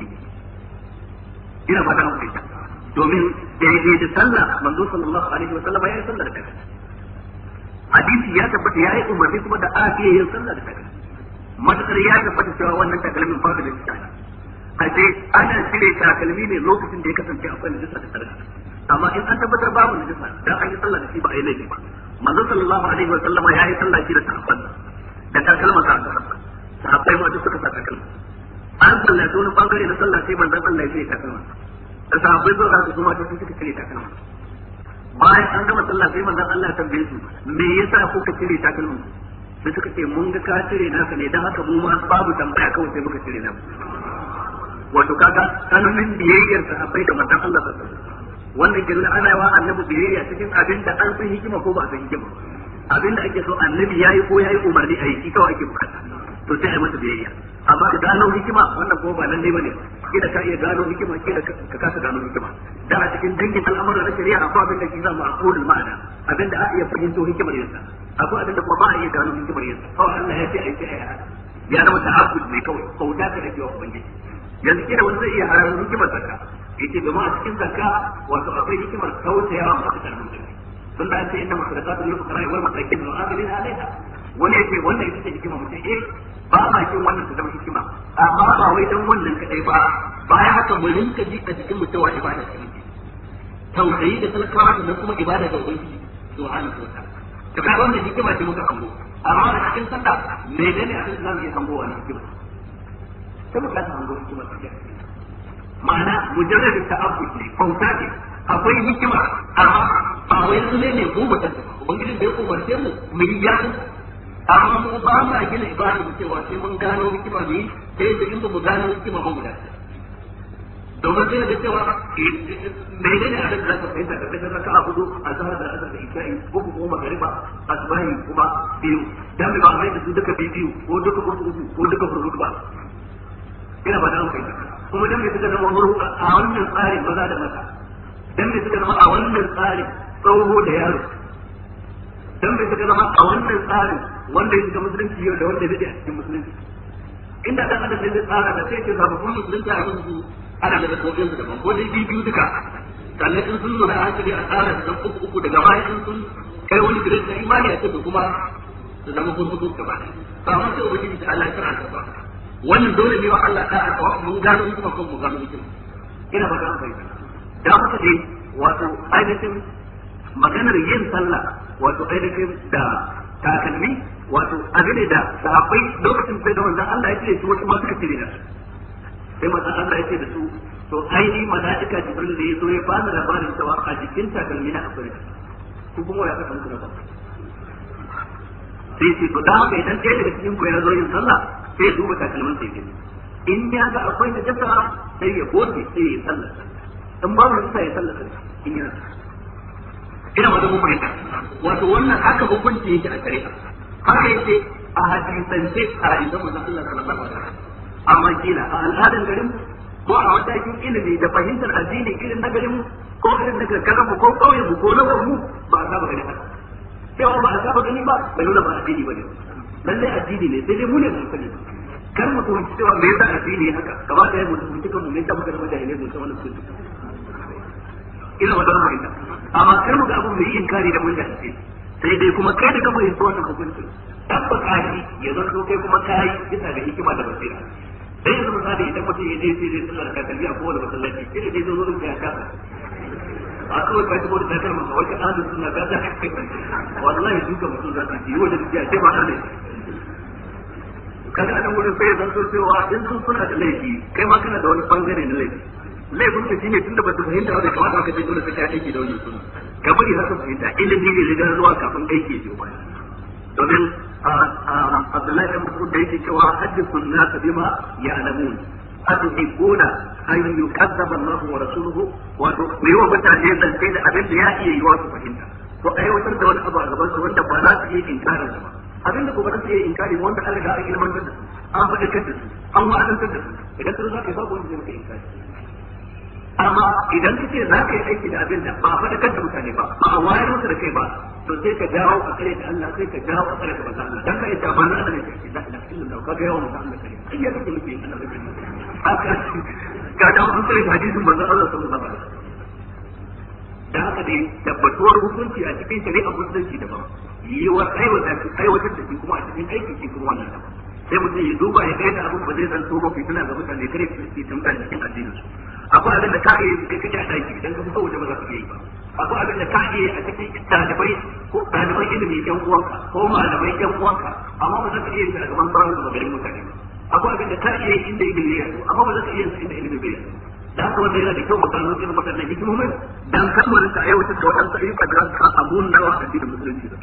ina fata an fahimta domin daidai da sallah manzo sallallahu alaihi wa sallam ya yi sallah da kai hadisi ya tabbata ya yi umarni kuma da ya yin sallah da kai matakar ya tabbata cewa wannan takalmin fara da shi a ce ana cire takalmi ne lokacin da ya kasance akwai najisa da sarka amma in an tabbatar babu najisa da an yi sallah da shi ba a yi laifi ba manzo sallallahu alaihi wa sallam ya yi sallah shi da sahabban da takalma sa sahabbai ma duk suka sa takalma an sallaci wani bangare na sallah sai manzon Allah ya ce takalma sahabbai sun ga su mata sun suka cire takalma bayan an yasa kuka cire ne dan haka mu ma babu tambaya kawai sai muka cire naka wato kaga da Allah sallallahu abin da an san hikima ko ba da ake so annabi yayi ko yayi umarni a yi kawai ake bukata to sai a masa biyayya amma ka gano hikima wannan kuma ba nan ne bane kila ka iya gano hikima kila ka kasa gano hikima da a cikin dangin al'amuran na shari'a akwai abin da ke zama a kodin ma'ana abin da a iya fahimto hikimar yansa akwai abin da kuma ba a iya gano hikimar yansa kawai Allah ya ce a yi ce ya zama ta'abbud mai kawai da ka da kewa ubangiji yanzu kila wani zai iya harar hikimar zakka yace domin a cikin zakka wato akwai hikimar kautayawa ma ka zakka sun da ce inna masadaqatu lil kuma wal masakin wa amilina alaiha wani ce wannan ita ce hikimar mutum eh ba ma kin wannan ta zama hikima amma ba wai dan wannan kadai ba bayan haka mu rinka ji a cikin mutum wa ibada ta yi tausayi da talakawa da kuma ibada ga ubangiji subhanahu wa ta'ala to kaga wannan hikima ce muka hango amma da cikin sallah menene a cikin zamu iya hango wannan hikima sai mu kasa hango hikima ta ma'ana mujarrad ta'abbud ne kauta ce akwai hikima amma ba wai su ne ne gumbatar ubangiji bai umarce mu mu yi yakin amma kuma ba ma gina ibada da cewa sai mun gano hikima ne sai da in mu gano hikima ba mu da domin sai da cewa mai ne ne a da za ka fahimta da kasar raka a hudu a zahar da azar da isha'i ko kuma magariba asbahi kuma biyu dan ba mai da su duka biyu ko duka uku ko duka kurkuku ba ina ba da an fahimta kuma dan mai suka zama murhu a wannan tsarin maza da mata dan mai suka zama a wannan tsarin tsoho da yaro dan mai suka zama a wannan tsarin wanda ya shiga musulunci yau da wanda ya dade a cikin musulunci inda dan adam ne zai tsara da sai ke zaba kun musulunci a yanzu ana da sauƙin su daban ko dai biyu duka sannan in sun a hankali a tsara da uku uku daga baya in sun kai wani gidan na imani a cikin kuma su zama kun hudu gaba ba amma sai ubangiji da Allah ya ta ba wannan dole ne wa Allah ta a tsawon mun gano ni kuma mu gano mutum ina ba ga bai da haka dai wato ainihin maganar yin sallah wato ainihin da takalmi wato gane da akwai lokacin sai da wanda Allah ya ce su wasu masu kafiri da su sai manzon Allah ya ce da su to aini malaika jibril da yazo ya bani labarin cewa a jikin takalmi na afirka ku kuma ya kafa ku na ba sai sai to da haka idan ke daga cikin ku ya zo yin sallah sai duba takalmin sai ke. in ya ga akwai najasa sai ya bote sai ya sallah in babu sai ya sallah in yana ina ma da mun fahimta wato wannan haka hukunci yake a shari'a haka yake a hadisance a hadisan manzon Allah sallallahu alaihi amma kila a al'adan garin ko a matakin ilimi da fahimtar addini irin na garin ko irin na karkarar ko kauye mu ko lawar mu ba za mu gani ba sai ba za mu gani ba bai nuna ba addini ba ne lalle addini ne sai dai mu ne mun kar mu tuhunci cewa me yasa addini haka gaba da mu tuhunci kan mu ne tabbata da jahilai mu ta wannan sunna ina wadar mu amma kar mu ga abun mu yi inkari da mun jahilai sai dai kuma kai da ka fahimci wannan hukuncin tabbata shi ya zanto kai kuma kai bisa ga hikima da basira sai yanzu misali idan mutum ya je sai zai sallar kakalbi a kowane masallaci sai da zai zo zuwa ya kasa a kawai ka shigo da kar masa wata adin suna gasa wallahi duka mutum za su yi wajen jiya sai ba arne kaga anan wurin sai ya zanto cewa in sun suna da laifi kai ma kana da wani bangare na laifi laifin shi ne tun da ba su fahimta wadda kamata aka ce dole sai ka aiki da wani suna ka bari haka fahimta ilimi ne riga zuwa kafin aiki ya ba domin Abdullahi bin Mas'ud da yake cewa hadithun nas bima ya'lamun atuhibbuna an yukazzaba Allah wa rasuluhu wato mai wa mutane zance da abin da ya iya yiwa su fahimta to aiwatar da wani abu a gaban su wanda ba za su iya inkarin ba abin da gobe su iya inkari wanda an riga an ilmantar da su an faɗi da su an wa'azantar da su idan sun za ka yi babu wanda zai maka inkari amma idan ka ce za ka yi aiki da abin da ba a faɗakar da mutane ba ba a wayar wata da kai ba to sai ka jawo a kare da Allah sai ka jawo a kare da manzo Allah dan ka ita ba na Allah ne da ila ilmin da ka ga yawan manzo Allah kare kai ya kake muke Allah kare haka ga hadisin manzo Allah sallallahu alaihi da haka dai tabbatuwar hukunci a cikin shari'a musulunci yiwuwar aiwatar da shi kuma a cikin aikin shi kuma wannan ba. sai mutum ya duba ya kai da abin ba zai zanto ba fitina ga mutane kare su tambayar cikin addinin su akwai abin da ka iya yi kai kake a daki idan ka fito waje ba za ka iya yi ba akwai abin da ka iya a cikin ɗalibai ko ɗalibai ilimi ƴan uwanka ko malamai ƴan uwanka amma ba za ka iya yi a gaban sauran da garin mutane akwai abin da ka iya yi inda ilimi ya yazo amma ba za ka iya yi inda ilimi bai da haka wanda yana da kyau mu gano irin waɗannan hikimomin dan kamar ka aiwatar da waɗansu ayyuka da za su abun da wa da musulunci da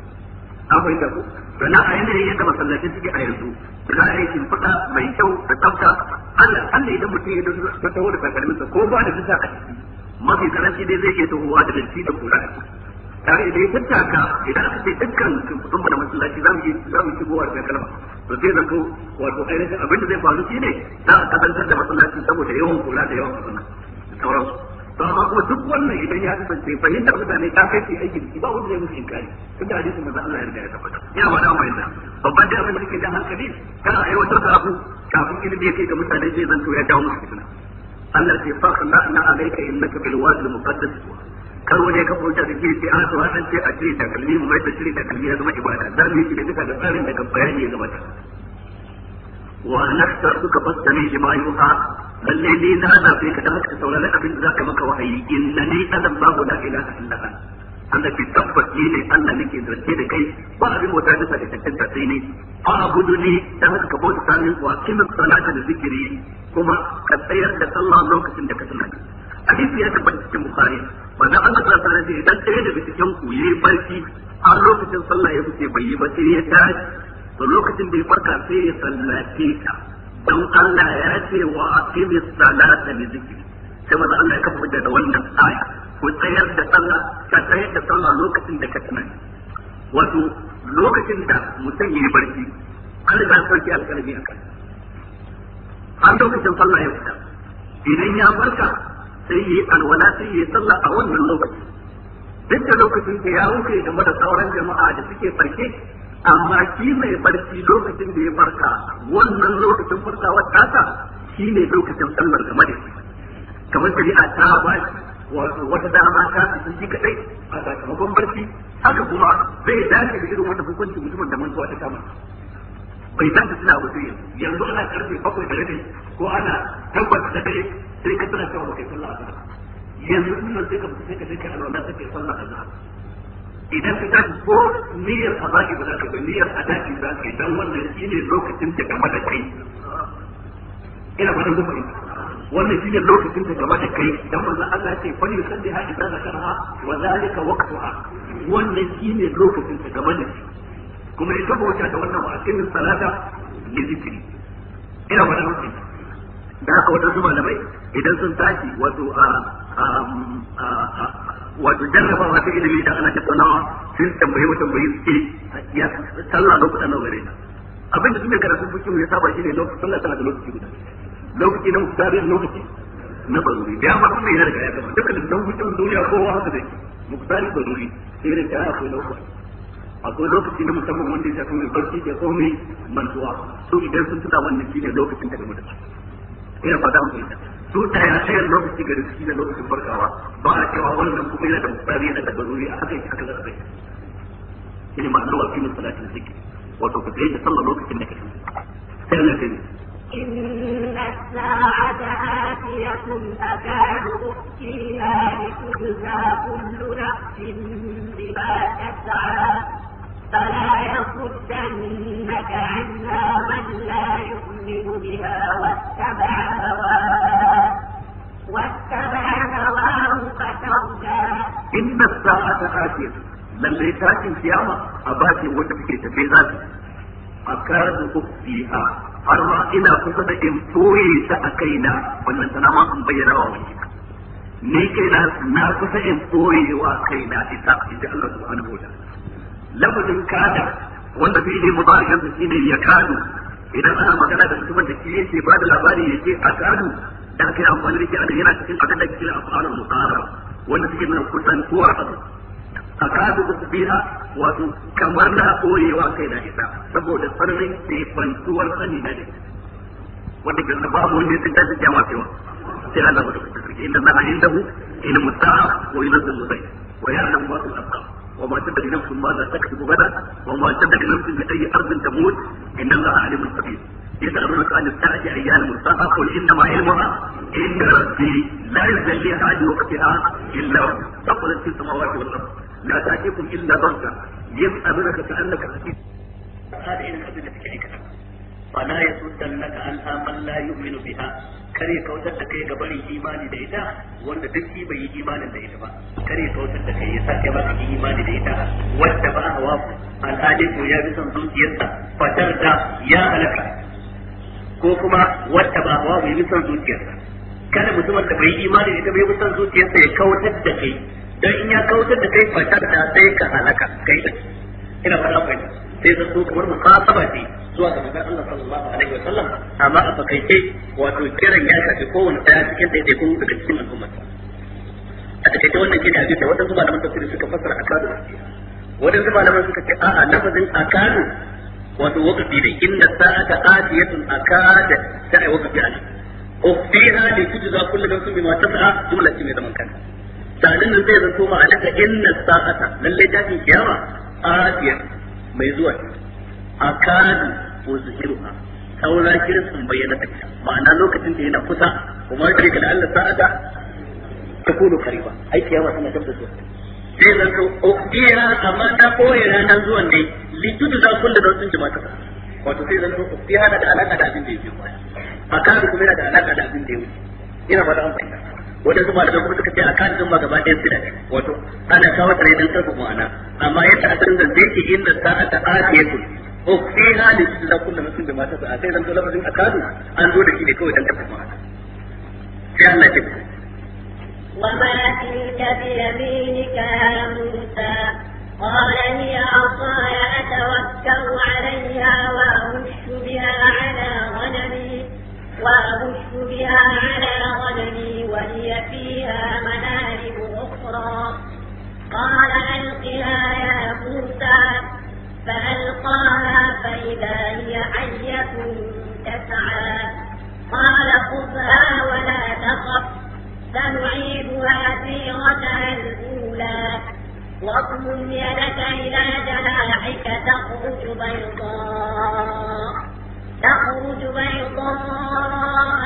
an fahimta ko sannan a yanda yadda masallacin suke a yanzu za a yi shimfiɗa mai kyau da tsafta Allah Allah idan mutum ya ta taho da takalminsa ko ba da fita a ciki mafi karanci dai zai iya tahowa da datti da kura da ciki tare da ya fita ka idan aka ce dukkan shimfiɗin mu da masallaci za mu yi za mu shigo a kalma to sai zanto wato ainihin abin da zai faru shi ne za a kasantar da masallaci saboda yawan kura da yawan abin sauransu to amma kuma duk wannan idan ya kasance fahimtar mutane ta kai sai aiki da ba wanda zai musu inkari tun da hadisin manzo Allah ya riga ya tabbata ina ba da mai da babban da abin da da hankali kana aiwatar da abu kafin ilimi yake ga mutane zai zanto ya dawo musu fitina Allah ce fa na alayka innaka bil wadi al muqaddas kar waje ka furta da ke sai a to hadan sai a cire takalmi mu mai da cire takalmi ya zama ibada dan ne da duka da tsarin daga kan bayani ya gabata wa nafsa suka fastani jima'i ha lalle ne na zabe ka da maka saurari abin da ka maka wahayi inna ni adam babu da ilaha illa ana Allah ke tabbas ni ne Allah nake zarce da kai ba abin wata bisa da tantance sai ne fa abudu ni dan haka ka bauta sani wa kimin salata da zikiri kuma ka tsayar da sallah lokacin da ka tunani hadisi ya tabbata cikin bukhari manzon Allah sallallahu alaihi wasallam idan tsaye da cikin ku yi barci a lokacin sallah ya fice bai yi ba sai ya tashi to lokacin da ya farka sai ya sallace ta don Allah ya ce wa aqimi salata bi zikri sai manzo Allah ya kafa hujja da wannan aya ku tsayar da sallah ka tsayar da sallah lokacin da ka tunani wato lokacin da mutum yi barci an ya sarki alƙalami a kan an lokacin sallah ya fita idan ya barka sai yi alwala sai yi sallah a wannan lokaci duk da lokacin da ya wuce da sauran jama'a da suke farke amma shi mai barci lokacin da ya farka wannan lokacin farkawa ta shi ne lokacin sallar game da shi kamar ya ta ba wata dama ta su shi kadai a sakamakon barci haka kuma zai dace da irin wata hukunci mutumin da mantuwa ta kama bai san ta suna wuce yanzu ana karfe bakwai da rabi ko ana tabbata da kai sai ka tana cewa kai sallah a yanzu kullum sai ka sai ka je ka alwala sai ka sallah azhar idan ka tashi ko niyyar a zaki ba za ka ba niyyar a dace za ki dan wannan shi ne lokacin da game da kai ina ba da fahimta wannan shi ne lokacin da game da kai dan manzon Allah ya ce fa ni salli ha idan zakarha wa zalika waqtuha wannan shi ne lokacin da game da kai kuma ita kafa wata da wannan wa'akin salata da zikiri ina ba da fahimta da zuma da mai idan sun tashi wato a wato jarrabawa ta ilimi da ana tattaunawa sun tambaye wa tambayi su ce ya sallah lokuta nawa gare ta abin da suke karatu mu ya saba shi ne lokacin sallah tana da lokaci guda lokaci na mutare da lokaci na baruri da ya faru ne yana da ya gaba duka da don hutun duniya kowa haka da mutare baruri sai da ta akwai lokaci akwai lokaci na musamman wanda ya kuma mai barci da komai mantuwa su idan sun tuta wannan ne lokacin da da mutum ina fata mu fahimta tuta yana tsayar lokaci ga rikici da lokacin farkawa ba a cewa wannan kuma yana da mutsari yana da baruri a haka yake haka zai shi ne ma'anar wa filin salatin zikir wato ka tsaye da sallah lokacin da kake sai na kai إن الساعة آتية أكاد أخفيها لتجزى كل نفس بما تسعى فلا يصدنك عنها من لا يؤمن بها واتبع هواه إن الساعة آتية لما يتراك القيامة أباتي وتفكي تفيزات أكاد أخفيها أرى إلى قصد إن تويت أكينا وأن تنام أن بينا ووجهك ni kai na kusa in koyewa kai na ita inda Allah subhanahu wa ta'ala lafazin kada wanda fi ne mubarakan shine ya kadu idan ana magana da mutumin da yake ba da labari yake a kadu da a yi amfani da shi a yana cikin abin da kira afalar muqarraba wanda suke nuna kusantuwar abu a kasu da biya wato kamar na koyewa kai da ita saboda tsananin tefantuwar sani da ita wanda ke na babu wanda sun tashi jama cewa sai Allah ba da kusurki inda na hanyar dahu ina musa'a ko ina sun musai wa ya nan ba su lafa wa ma tattali nafsun ma za ta kasu gada wa ma tattali nafsun da ɗaya arzin ta mutu inda za a alimin sabi يسألونك عن الساعة أيان مرساها قل إنما علمها عند ربي لا يجليها لوقتها إلا وقتها ثقلت في السماوات والأرض لا تأتيكم إلا ضركة يسألونك كأنك حكيم هذا إلى الأدلة كذا فلا يصدنك عنها من لا يؤمن بها kare kautar da kai ga barin imani da ita wanda duk shi bai yi imanin da ita ba kare kautar da kai yasa kai ba ka yi imani da ita wanda ba hawa alhali ko ya bi son zuciyarsa fatar da ya halaka ko kuma wata ba wa bai bisan zuciyarsa kada mutumin da bai imani da ita bai bisan zuciyarsa ya kautar da kai dan in ya kautar da kai fatar da sai ka halaka kai ina fara fahimta sai zan so kamar mukasaba ce zuwa ga manzon Allah sallallahu alaihi wa sallam amma a fakaice wato kiran ya shafi kowanne daya cikin da kuma daga cikin al'umma a ta wannan shi ne abin da waɗansu malaman tafsiri suka fassara akadu waɗansu malaman suka ce a'a nafazin akadu wato wakafi ne inna sa'ata atiyatun akada ta ai wakafi ana ukhfiha li tujza kullu nafsin bima tas'a jumla ce mai zaman kanta sanin nan zai zanto ma alaka inda sa'ata lalle fi kiyama atiya mai zuwa akadu ha saura kirsun bayyana ta ma'ana lokacin da yana kusa kuma yake da Allah sa'ata takunu qariba ai kiyama tana tabbata zai zato ubiya oh, amma ta koya ranar zuwan ne litudu za kullu da sun jima ta wato sai zanto ubiya oh, da alaƙa da abin da yake baya akan kuma yana da alaƙa da abin da yake ina ba da amfani wadansu malamai kuma suka ce a kan zumba gaba ɗaya suna ne wato ana kawo tare don karfa ma'ana amma yadda a sanin zai ke inda sa'ata atiyatun ukhfiha li tudza kullu nafsin bima a oh, sai zan zo a akadu an zo da shi ne kawai don karfa ma'ana sai Allah ya وما تلك بيمينك يا موسى قال هي عصاي أتوكل عليها وأهش بها على غنمي وأهش بها على غنمي وهي فيها منارب أخرى قال ألقها يا موسى فألقاها فإذا هي حية تسعى قال خذها ولا تخف سنعيدها سيرتها الأولى واضمم يدك إلى جناحك تخرج بيضاء تخرج بيضاء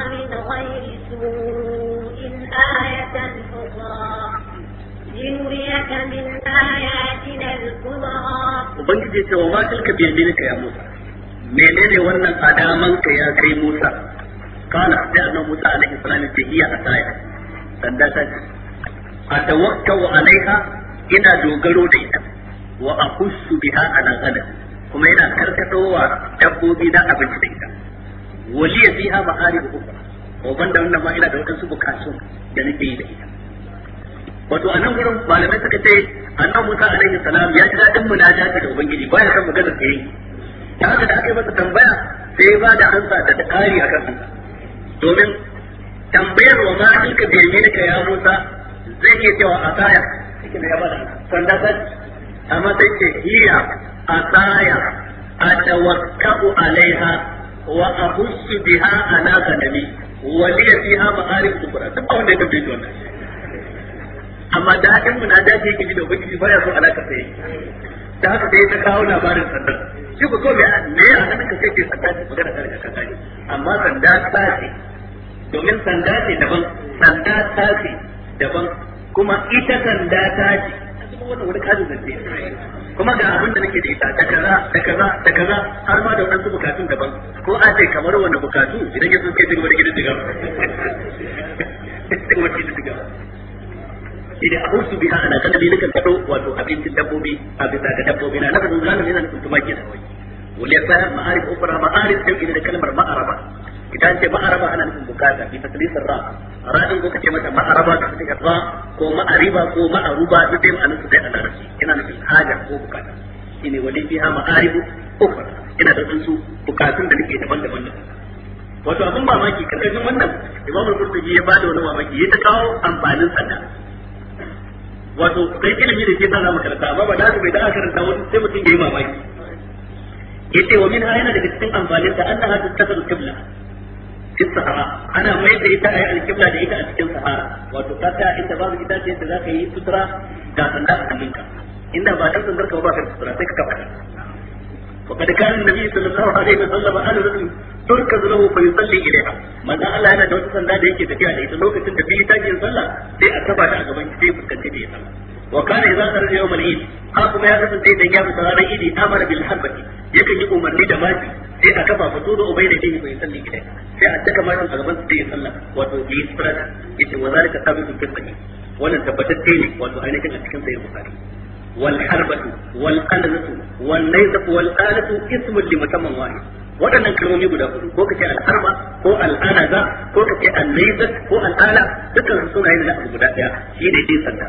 من غير سوء آية لنريك من آياتنا الكبرى Ubangiji ce wa ma tilka bi yaminika ya Musa menene wannan adamanka ya kai Musa kana sai annabi Musa alaihi salam ce hiya ataya sanda ta tawakkau alaiha ina dogaro da ita wa akhussu biha ala ghadab kuma ina karkatowa dabbobi na abinci da ita waliya hari ma'arib ukhra ko banda wannan ma ina da wadansu bukatun da nake yi da ita wato a nan gurin malamai suka ce annabi Musa alaihi salam ya ji dadin munajati da ubangiji ba ya san magana da yake ta haka da aka yi masa tambaya sai ba da ansa da ta kari akan domin tambayar wa ma'aika bai mini ka ya Musa zai ke cewa a tsaya. cikin ya bada sanda ta amma sai ke hiya a tsaya a tawakkabu alaiha wa ahussu biha ala ganami wa liya fiha ma'arif kubra duk wanda ya tambaye wannan amma da mu na dace yake gida wajen ubangiji baya so alaka sai da haka sai ta kawo labarin sandan shi ko ko ne a nan ka sai ke sanda ta magana ta ka kare amma sanda ta ce domin sanda ce daban sanda ta ce daban kuma ita sanda ta ce wannan wani kajin zance kuma ga abin da nake da ita da kaza da kaza da kaza har ma da wadansu bukatun daban ko a ce kamar wanda bukatu idan ya so sai daga wani gidan diga daga wani idan abu su biya ana kan dalilin kan kado wato abincin dabbobi a bisa ga dabbobi na lafazin zalim yana nufin tumaki da wai wuliyar yasa ma'arif ukra ma'arif sai da kalmar ma'araba idan ce ma'araba ana nufin bukata bi taslisir ra ra'in ko kace mata ma'araba ka kace ra ko ma'ariba ko ma'aruba duk dai ma'anar su dai a larabci ina nufin haja ko bukata shine wani biha ma'aribu ukhra ina da su bukatun da nake daban-daban da wato abun mamaki jin wannan imam al-qurtubi ya bada wani mamaki ya ta kawo amfanin sanda wato kai ilimi da ke sa za mu karanta amma ba da su bai da karanta wani sai mutum ya yi mamaki yace wa min ha yana daga cikin amfanin da Allah ya tsaka da kibla fi sahara ana mai da ita a yi alkibla da ita a cikin sahara wato ka ta inda babu itace da za ka yi sutura ga sanda a hannunka inda ba dan sandar ka ba ka sutura sai ka kafa وقد كان النبي صلى الله عليه وسلم على رجل تركز له فيصلي اليها من الله yana da wata sanda da yake tafiya da ita lokacin da bai tashi sallah sai a kafa ta a gaban shi sai fuskanci da ya sallah wa kana idza kharaja yawm al-eid har kuma ya kasance idan ya fita ranar idi amara bil harbati yakan yi umarni da maji sai a kafa fito da ubai da ke bai salli gida sai a taka matan a gaban su da ya sallah wato yi sirata yace wa zalika sabiqun kisani wannan tabbatacce ne wato wal wal wal musamman waɗannan kalmomi guda hudu ko kace al'arba ko al'anaza ko kace al-laysa ko al'ala dukkan sunaye ne da guda daya shi ne dai sanda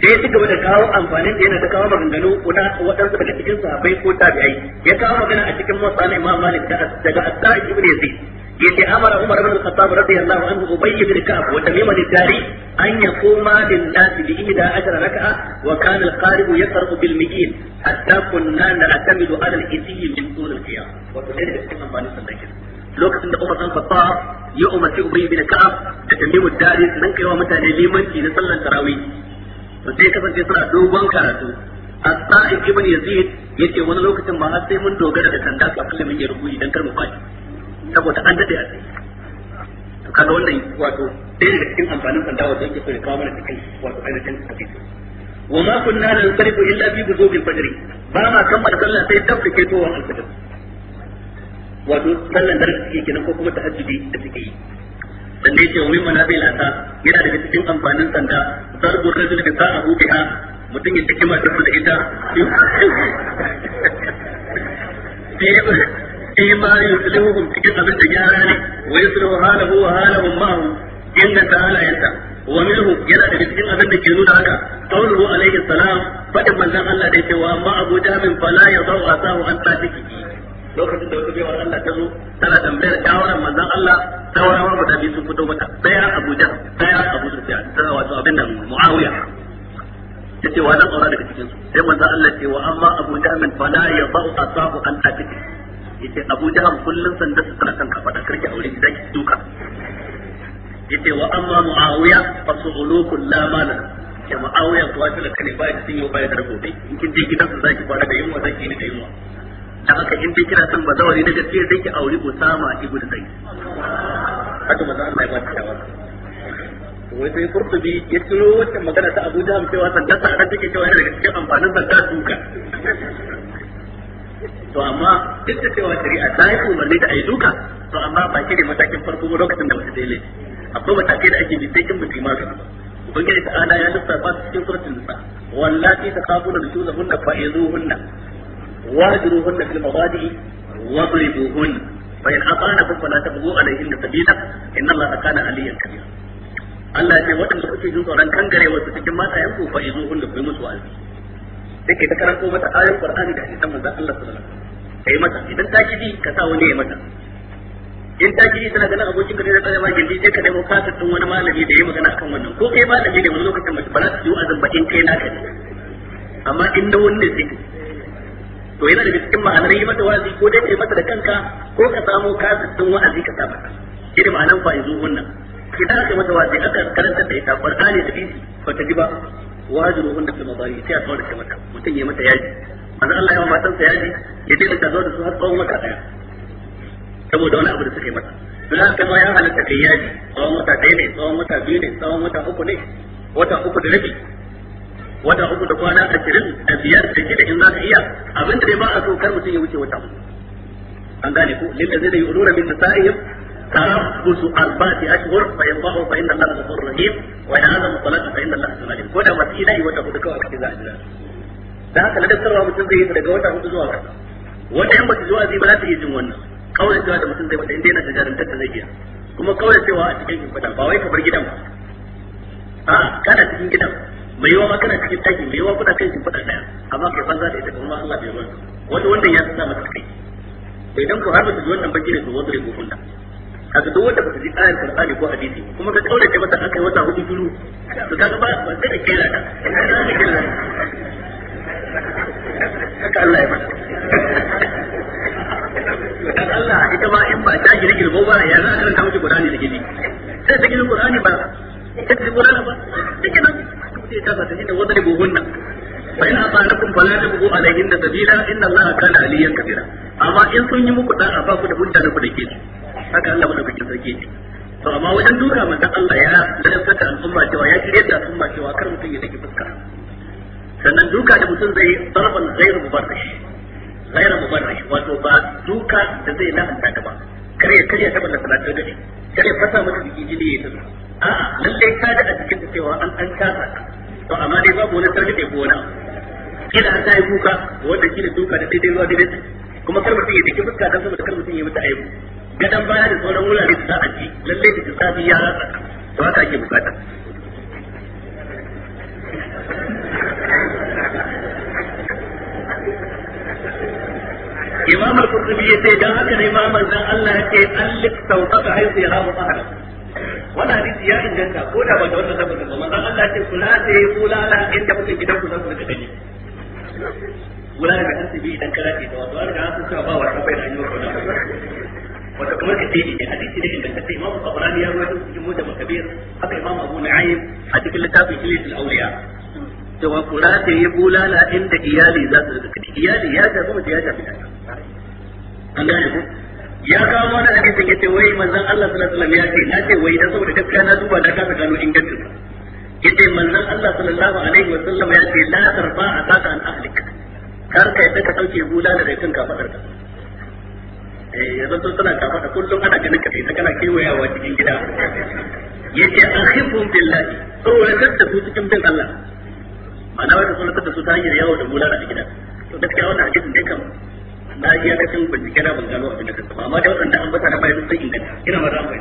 sai ya ci da kawo amfanin da yana ta kawo maganganu waɗansu daga cikin sahabbai ko tabi'ai ya kawo magana a cikin motsa na imam malik daga as-sa'id ibn yazid yace amara umar ibn al-khattab radiyallahu anhu ubay ibn ka'ab wa tamim al-dari an yaquma lin-nas bi ihda ashara rak'a wa kana al-qarib yaqra'u bil mi'in hatta kunna na'tamidu ala al-isyi min tul al-qiyam wa to da cikin amfanin sallakin lokacin da Umar dan Khattab ya umarci Ubay ibn Ka'ab da Tamim ad-Dari nan kaiwa mutane limanci na sallar tarawih to sai kasance suna dogon karatu as-sa'id ibn yazid yake wani lokacin ba sai mun dogara da sanda a mun yi rubuci dan kar mu faɗi saboda an dade a to kaga wannan wato ɗaya daga cikin amfanin sanda wato yake so ya kawo mana cikin wato ainihin hadisi wa ma kunna ko illa bi ghurubil fajr ba ma kammala sallah sai tafi kai to wannan al-fajr wato sallan da suke kenan ko kuma tahajjudi da suke yi dan da yake wani manabi lata yana daga cikin amfanin sanda zarbu rajul da sa'a hu biha mutum ya take matar da ita fi ma yusluhum cikin abin da gyara ne wa yusluhu halahu wa halahum ma'ahu inna ta'ala yanta wa minhu yana daga cikin abin da ke nuna haka qawluhu alayhi salam fadin manzon Allah da yake wa amma abu jahil fala yadau asahu an tatiki lokacin da wata baiwar Allah ta zo tana tambayar shawaran manzon Allah saurawa guda biyu sun fito mata daya Abuja daya Abu Sufyan tana wato abin nan Muawiya tace wa dan aura daga cikin su sai manzon Allah ce wa amma Abu Jahl fala yadau asabu an atik yace Abu Jahl kullun sanda su tana kan kafada karki aure ki zaki duka yace wa amma Muawiya fa su'ulukul la mala ya Muawiya kuwa talaka ne ba ya sun yi ba ya da gobe in kin je gidansu zaki kwana da yunwa zaki ne da yunwa dan haka in dai kira san bazawari na gaskiya sai ki aure Usama ibn Zaid haka manzo Allah ya ba ta shawara wai sai bi ya tuno wata magana ta Abu Jahm cewa sanda ta ran take cewa daga cikin amfanin zakka duka to amma duk da cewa shari'a ta yi umarni da ayi duka to amma ba shi ne matakin farko lokacin da mutum daile akwai matakai da ake bi sai kin mutum magana ubangiji ta'ala ya lissafa cikin suratul nisa wallati takabuna nuzulahunna fa'izuhunna واجروهن في المضاجع واضربوهن فإن أطعنكم فلا تبغوا عليهن سبيلا إن الله كان عليا كبيرا Allah ya ce waɗanda kuke jin tsoron kangare wasu cikin mata yanku fa izo hunna ku yi musu wa'azi take ta karanto mata ayar Qur'ani da hadisan manzon Allah sallallahu alaihi wasallam kai mata idan ta kiji ka sa wani ya mata in ta kiji tana ganin abokin ka ne da tsayawa gindi sai ka nemo kasar tun wani malami da ya magana kan wannan ko kai malami da wani lokacin mace ba za ta yi wa'azin ba in kai naka ne amma in da wani ne sai to yana da cikin ma'anar yi mata wa'azi ko dai kai mata da kanka ko ka samu kasattun wa'azi ka saba irin ma'anar fa'izu wannan idan aka mata wa'azi aka karanta da ita qur'ani da bibi ko ta diba ba wajiru hunna fil bari sai a tsawar da mata mutum ya mata yaji manzo Allah ya matan sa yaji ya dinga ka zo da su har tsawon wata daya saboda wani abu da suka yi mata dan haka ma ya halatta kai yaji tsawon wata daya ne tsawon wata biyu ne tsawon wata uku ne wata uku da rabi wata uku da kwana ashirin da biyar da shida in za ka iya abin da ba a so kar mutum ya wuce wata uku an gane ko lilla zai da yi ulura min nisa'ihim تربص أربعة أشهر fa ضعوا فإن الله غفور رحيم وإن عزموا الصلاة فإن الله غفور رحيم كنا مسئلة وتأخذ كوكا إذا أجزاء da haka ladar sarwa mutum zai yi daga wata uku zuwa wata wata yan ta zuwa zai ba za ta iya jin wannan kawai cewa da mutum zai wata inda yana da jarin tattalin zai iya kuma kawai cewa a cikin gidan ba wai kamar gidan ba a kana cikin gidan mai yiwa ma kana cikin ɗaki mai yawa kuna kai shi faɗa ɗaya amma kai banza da ita kuma Allah bai Wani wanda ya sa mata kai to idan ku har ba su ji wannan baki ne to ko kaga duk wanda ba su ji ayar Qur'ani ko hadisi kuma ka kaurace mata an kai wata hudu duru to kaga ba ba sai da kira da haka Allah ya Allah ita ma in ba ta ba ya za a karanta miki Qur'ani da gidi sai ta gidi Qur'ani ba ta gidi Qur'ani ba sai ta fata inda wani ribu hunna fa in ata'anakum fala tabghu da sabila inna allaha kana aliyan kabira amma in sun yi muku da'a ba ku da hujja da ku dake su haka Allah madaukakin sarki ne to amma wajen duka manzon Allah ya ladabtar da al'umma cewa ya kire da al'umma cewa kar mutum ya dake fuska sannan duka da mutum zai zarban ghairu mubarrish ghairu mubarrish wato ba duka da zai lahanta ka ba kar ya karya tabbata salatar gari kar ya fasa mata jiki jini ya tazo a'a lalle ka da a cikin cewa an an kasa to amma dai babu wani sarki ko wani kila an sai kuka wanda kila duka da dai zuwa dai kuma kar mutum ya take fuska dan saboda kar mutum ya mutu aibu gadan baya da sauran wurare da za a ji lalle da tsafi ya rasa to haka ake bukata imam al-qurtubi yace dan haka ne mamar manzon Allah yake allik tawbata haythu yarahu ahad wannan hadisi ya inganta ko da ba da wannan tabbata ba manzon Allah ce kula da ya kula da ala da kuka gidan ku za ku rika gani kula da kan bi idan kana ce wato an ga sun ba wa rabai da yiwa kula wato kamar ka ce ne hadisi ne inganta sai imamu qabrani ya rawaito cikin mujam kabir haka imamu abu nu'aym a cikin littafin hilal awliya cewa kula da ya bulala inda iyali za su rika gani iyali ya shafi mace ya shafi ɗan an gane ku ya kawo da hadisin yace wai manzon Allah sallallahu alaihi wasallam ya ce na ce wai dan saboda gaskiya na duba da kasa gano ingancin sa yace manzon Allah sallallahu alaihi wasallam ya ce la tarfa ataka an ahlik kar kai da ka sauke bula da kan ka fadar ka eh yanzu to tana ka fada kullum ana ganin ka sai ta kana kewayawa cikin gida yace akhifum billahi to tsoratar da su cikin bin Allah ana wata sunan da su ta hanyar yawo da bula da gida to gaskiya wannan hadisin dai kan na iya kacin bincike na ban gano abin da kasa amma dai waɗanda an bata na bayan sun inganta ina ma za mu yi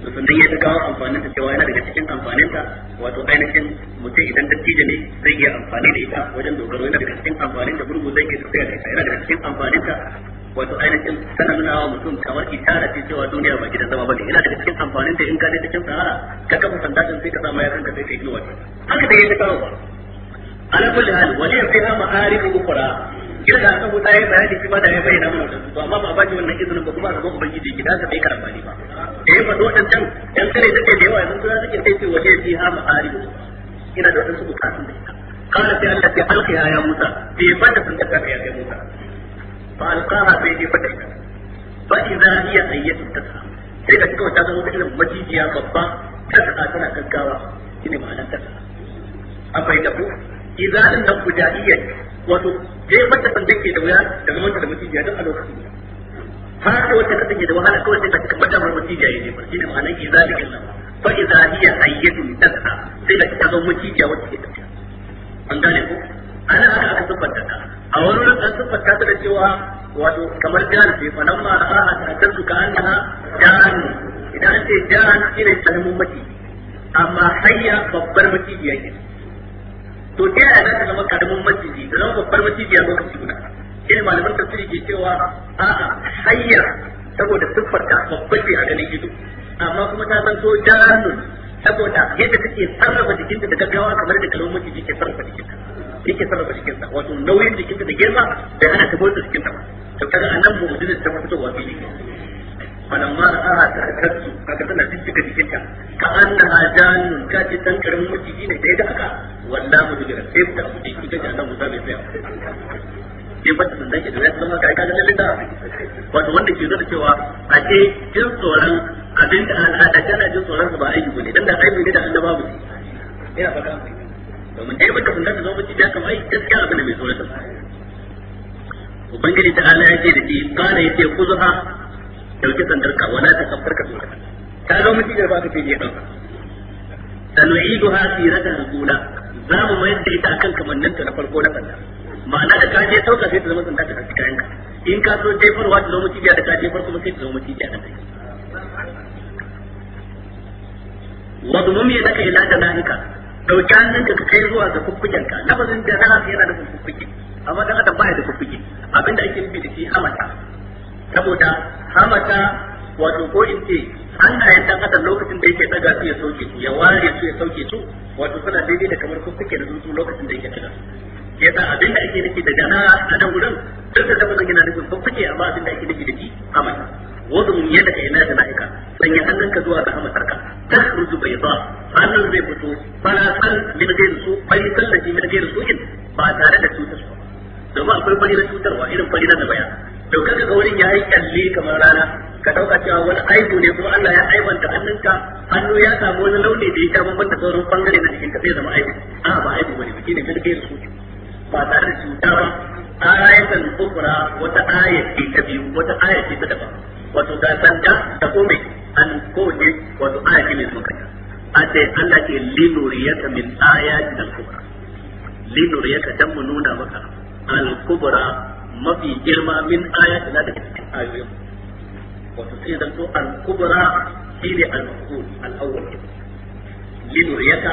to sun ya kawo amfanin ta cewa yana daga cikin amfanin ta wato ainihin mutum idan dattijo ne zai iya amfani da ita wajen dogaro yana daga cikin amfanin da gurgu zai ke tafiya da ita yana daga cikin amfanin ta wato ainihin tana nuna wa mutum kamar itara ce cewa duniya ba gidan zama bane yana daga cikin amfanin da in ka je cikin sahara ka kafa sanda sai ka samu yaran ka sai ka yi wata haka da ya ta kawo ala kulli hal wajin fiha ma'arif ukhra kirga akan wuta yi bayani shi ba da ya bayyana mana su to amma ba ba ji wannan izinin ba kuma gaban ubangiji ki da ka bai karamba ne ba da ya fado dan can dan kare take da yawa yanzu za ta kai waje fi ha ma'ari ina da wasu bukatun da ita kana sai Allah sai alqiya ya Musa bai fada sun daga ya kai Musa fa alqaha sai dai fada fa idza hiya ayyatu tasha sai ka kawo ta zama irin majijiya babba tasha tana gaggawa shine ma'anar tasha abai da ku idza an nan gudaniyar wato sai mata san dake da wuya da mata da mutijiya duk a lokacin da har da ta take da wahala kawai sai ta cika fada mar mutijiya yayin ba shine ma'anar izalikin nan fa idza hiya hayyatun tas'a sai da ta zo mutijiya wacce ke tafiya an gane ko ana haka aka tabbata ta a wani wurin an tabbata ta da cewa wato kamar jan ce fa nan ma a ta tarku ka annaha jan idan an jan jahan shine kalmar mutijiya amma hayya babbar mutijiya kenan to ta yaya za ta zama karamin maciji da zama babbar maciji a lokaci guda ilmi malaman tafsiri ke cewa a'a hayyar saboda siffar ta babbar ce a ganin ido amma kuma ta zanto janun saboda yadda take sarrafa jikinta da gaggawa kamar da karamin maciji ke sarrafa jikinta yake sarrafa jikinta wato nauyin jikinta da girma da ana tabbatar jikinta ba to kaga anan mu'jizar ta wa fili falamma ra'aha sakattu kaga tana cikin jikinta ka annaha janun ka ce dan karamin maciji ne da haka wallahi mu dubira sai mu bai sai ba tun da da zama ka kaga lalle da wato wanda ke zata cewa a ce jin tsoron abin da al'ada tana jin tsoron ba aiki bane dan da aiki ne da annaba ba ina fata domin dai ba tun da zo mu ci da kamar gaskiya abin da mai tsoron ubangiji ta ala yake da shi kana yake kuzuha dauki sandar ka wala ta kafar ka tsora ta ga mun cikin ba ka ce ya dauka ha fi rada ula za mu mayar da ita akan kamannin ta na farko na sanda ma'ana da ka je sauka sai ta zama sanda ta kashi kayan ka in ka so jefarwa ta zama cibiya da ka jefar kuma sai ta zama cibiya da kai wadmum ya daka ila janahika dauki hannunka ka kai zuwa ga kukkukenka na janahika yana da kukkuke amma dan adam baya da kukkuke abinda ake nufi da shi amata saboda hamata wato ko in ce Allah ya dan kasar lokacin da yake daga su ya sauke su ya ware su ya sauke su wato suna daidai da kamar su suke da zuzu lokacin da yake daga ya sa abin da ake nufi da jana a nan gurin duk da zama yana nufin sun fike amma abin da ake nufi da shi hamata wato mun yadda ka yana da na'ika sanya ka zuwa ga hamatarka bai ba hannun zai fito fala san min ghairi su bai sallati min ghairi su in ba tare da cutar ba domin akwai fari na cutarwa irin fari na baya. to ka ga wurin yayi kalli kamar rana ka dauka cewa wani aibu ne kuma Allah ya aibanta hannunka hannu ya samu wani launi da yake sha bambanta sauran bangare na jikin ka sai zama aibu a ba aibu bane ba kine kada kai su ba tare da cuta ba ayatan ukra wata ayati ta biyu wata ayati ta daban wato ga sanda ta kome an kode wato ayati ne mai tsokata a ce Allah ke linuriyata min ayatin al-kubra linuriyata dan mu nuna maka al-kubra mafi girma min ayati na daga cikin ayoyin wato sai zan to al-kubra shine al-maqul al-awwal linuriyaka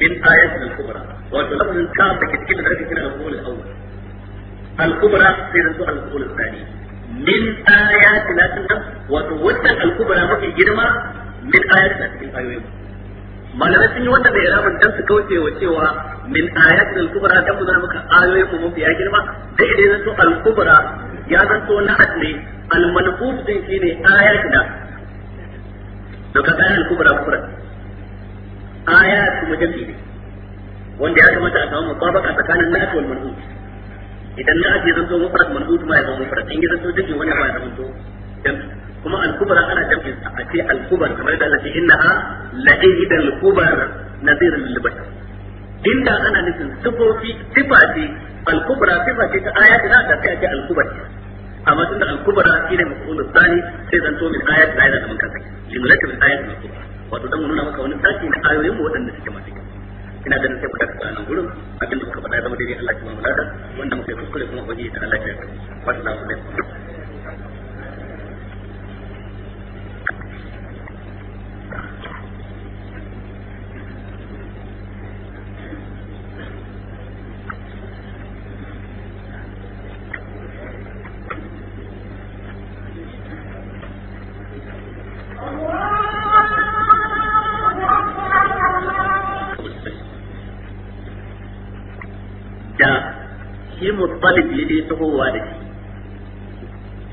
min ayati al-kubra wato lafazin ka daga cikin da cikin al-maqul al-awwal al-kubra sai zan to al-maqul al-thani min ayati na wato wannan al-kubra mafi girma min ayati na cikin ayoyin malamai sun yi wannan da iramin dan su kauce wa cewa min ayatul al-kubra dan mun ayoyi ayoyin mu mafi ya girma dai idan zanto al-kubra ya zanto na asli al-manqub din shine ayatul da to ka kana al-kubra kubra ayatul kuma wanda ya kamata a samu mutabaka tsakanin na'at wal manqub idan na'at ya zanto mufrad manqub ma ya zama mufrad in ya zanto jami'i wannan ma ya zanto kuma al-kubra ana jam'in sa a ce al-kubra kamar da Allah ce innaha inda ana nufin sifofi sifa ce al sifa ce ta ayati da ta ce al-kubra amma tunda al-kubra shine sai zan to min ayati da ayati mun kansa jumlatu min ayati al-kubra wato dan nuna maka wani sashi na ayoyin mu waɗanda suke masu kyau ina ganin sai kuka tsaya nan gurin abin da kuka faɗa zama wanda muka yi kuskure kuma ubangiji ta Allah da jini ya tahowa da shi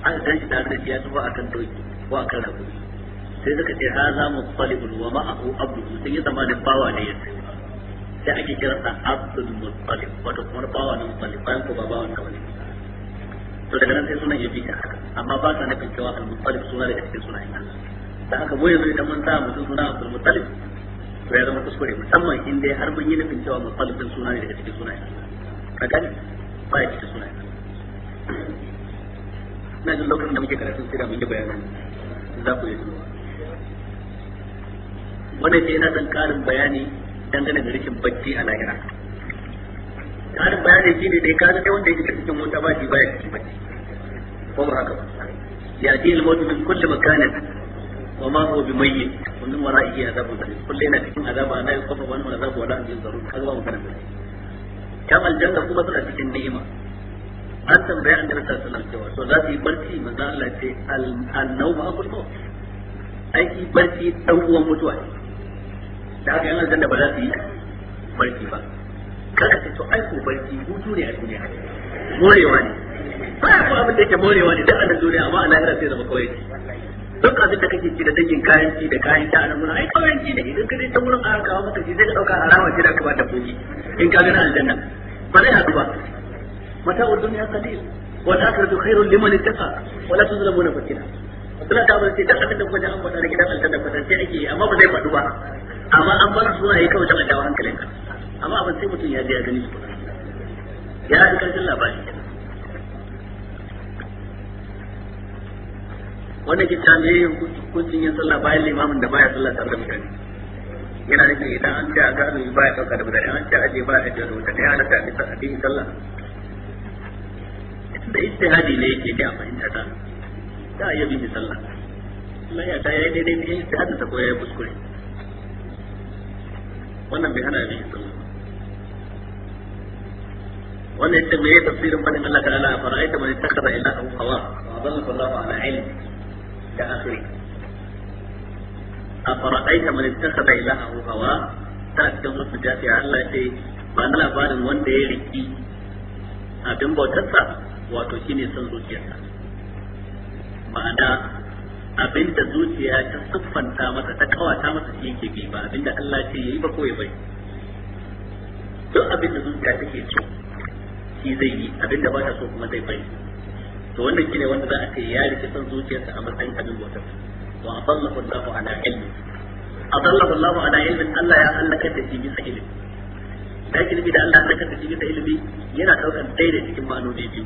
an san shi tare da shi ya taho a kan doki ko a kan rabu, sai suka ce haza muttalibun wa ma'ahu abduhu sun yi zama da bawa ne ya sai ake kira sa abdul muttalib wato kuma bawa na muttalib bayan ko ba bawa na to daga nan sai sunan ya fita haka amma ba sa nufin cewa al muttalib suna daga cikin sunayen Allah da haka boye zai da mun sa mutum suna abdul muttalib to ya zama kuskure musamman in dai har mun yi nufin cewa muttalib din suna ne daga cikin sunayen Allah ka gani baya cikin suna na jin lokacin da muke da mun yi bayanan za ku yi wannan ce yana son karin bayani dangane da rikin bacci a lahira karin bayani shi ne dai kaga kai wanda yake cikin mota ba shi baya cikin bacci ko ba haka ba ya ce al min kulle makanin wa ma huwa bi mayyit kullum wara'ihi azabun kullu yana cikin azaba la yukhaffafu anhu azabu wa la yunzaru kaga ba mutane yan aljanna kuma suna cikin ni'ima an tambaya an jirka suna cewa so za su yi barci manzan Allah ce annau ba akul mawt aiki barci dan uwan mutuwa ne da haka yan aljanna ba za su yi barci ba kada ce to aiko barci hutu ne a duniya morewa ne ba a kuma abin da yake morewa ne duk a duniya amma a lahira sai zama kawai duk abin da kake ci da dangin kayan ci da kayan ta nan muna ai kawai ci ne, idan ka dai ta wurin aka kawo maka shi zai ka dauka a gida ka ba ta fuki in ka gani aljanna ba zai متاع الدنيا قليل والآخرة خير لمن اتقى ولا تظلمون ittaqa suna ta bar sai duk da kuma an faɗa da gidan aljanna kwatance ake yi amma ba zai faɗu ba amma an bar su yi kawai tana amma abin sai mutum ya je ya gani su ya labari wannan kun hukuncin yin sallah bayan limamin da baya sallah tare da mutane yana nufin idan an ce a ga azumi ba ya ɗauka da mutane an ce aje ba ya ɗauka da mutane ya nasa bisa a cikin sallah da istihadi ne yake da fahimta ta ta iya bin sallah Allah ya ta yi daidai ne istihadi ta koya ya kuskure wannan bai hana bin sallah wannan ita mai tafsirin fadin Allah ta'ala a fara'aita man ittakhadha ilahahu hawa wa dhalla sallahu ala ilm da akhirih afara'aita man ittakhadha ilahu hawa ta cikin wasu jafi Allah ya ce ba na labarin wanda ya riki abin bautarsa wato shine son zuciyarsa ma'ana abin da zuciya ta siffanta masa ta kawata masa shi yake bi ba abin da Allah ce yayi ba koyi bai duk abin da zuciya take so shi zai yi abin da ba ta so kuma zai bai to wannan kine wanda za a ce ya rike san zuciyarsa a matsayin abin bautarsa wa adallahu Allahu ala ilmi adallahu Allahu ala ilmi Allah ya halaka da shi bisa ilimi da yake da Allah ya halaka da shi bisa ilimi yana daukan ɗaya cikin ma'anoni biyu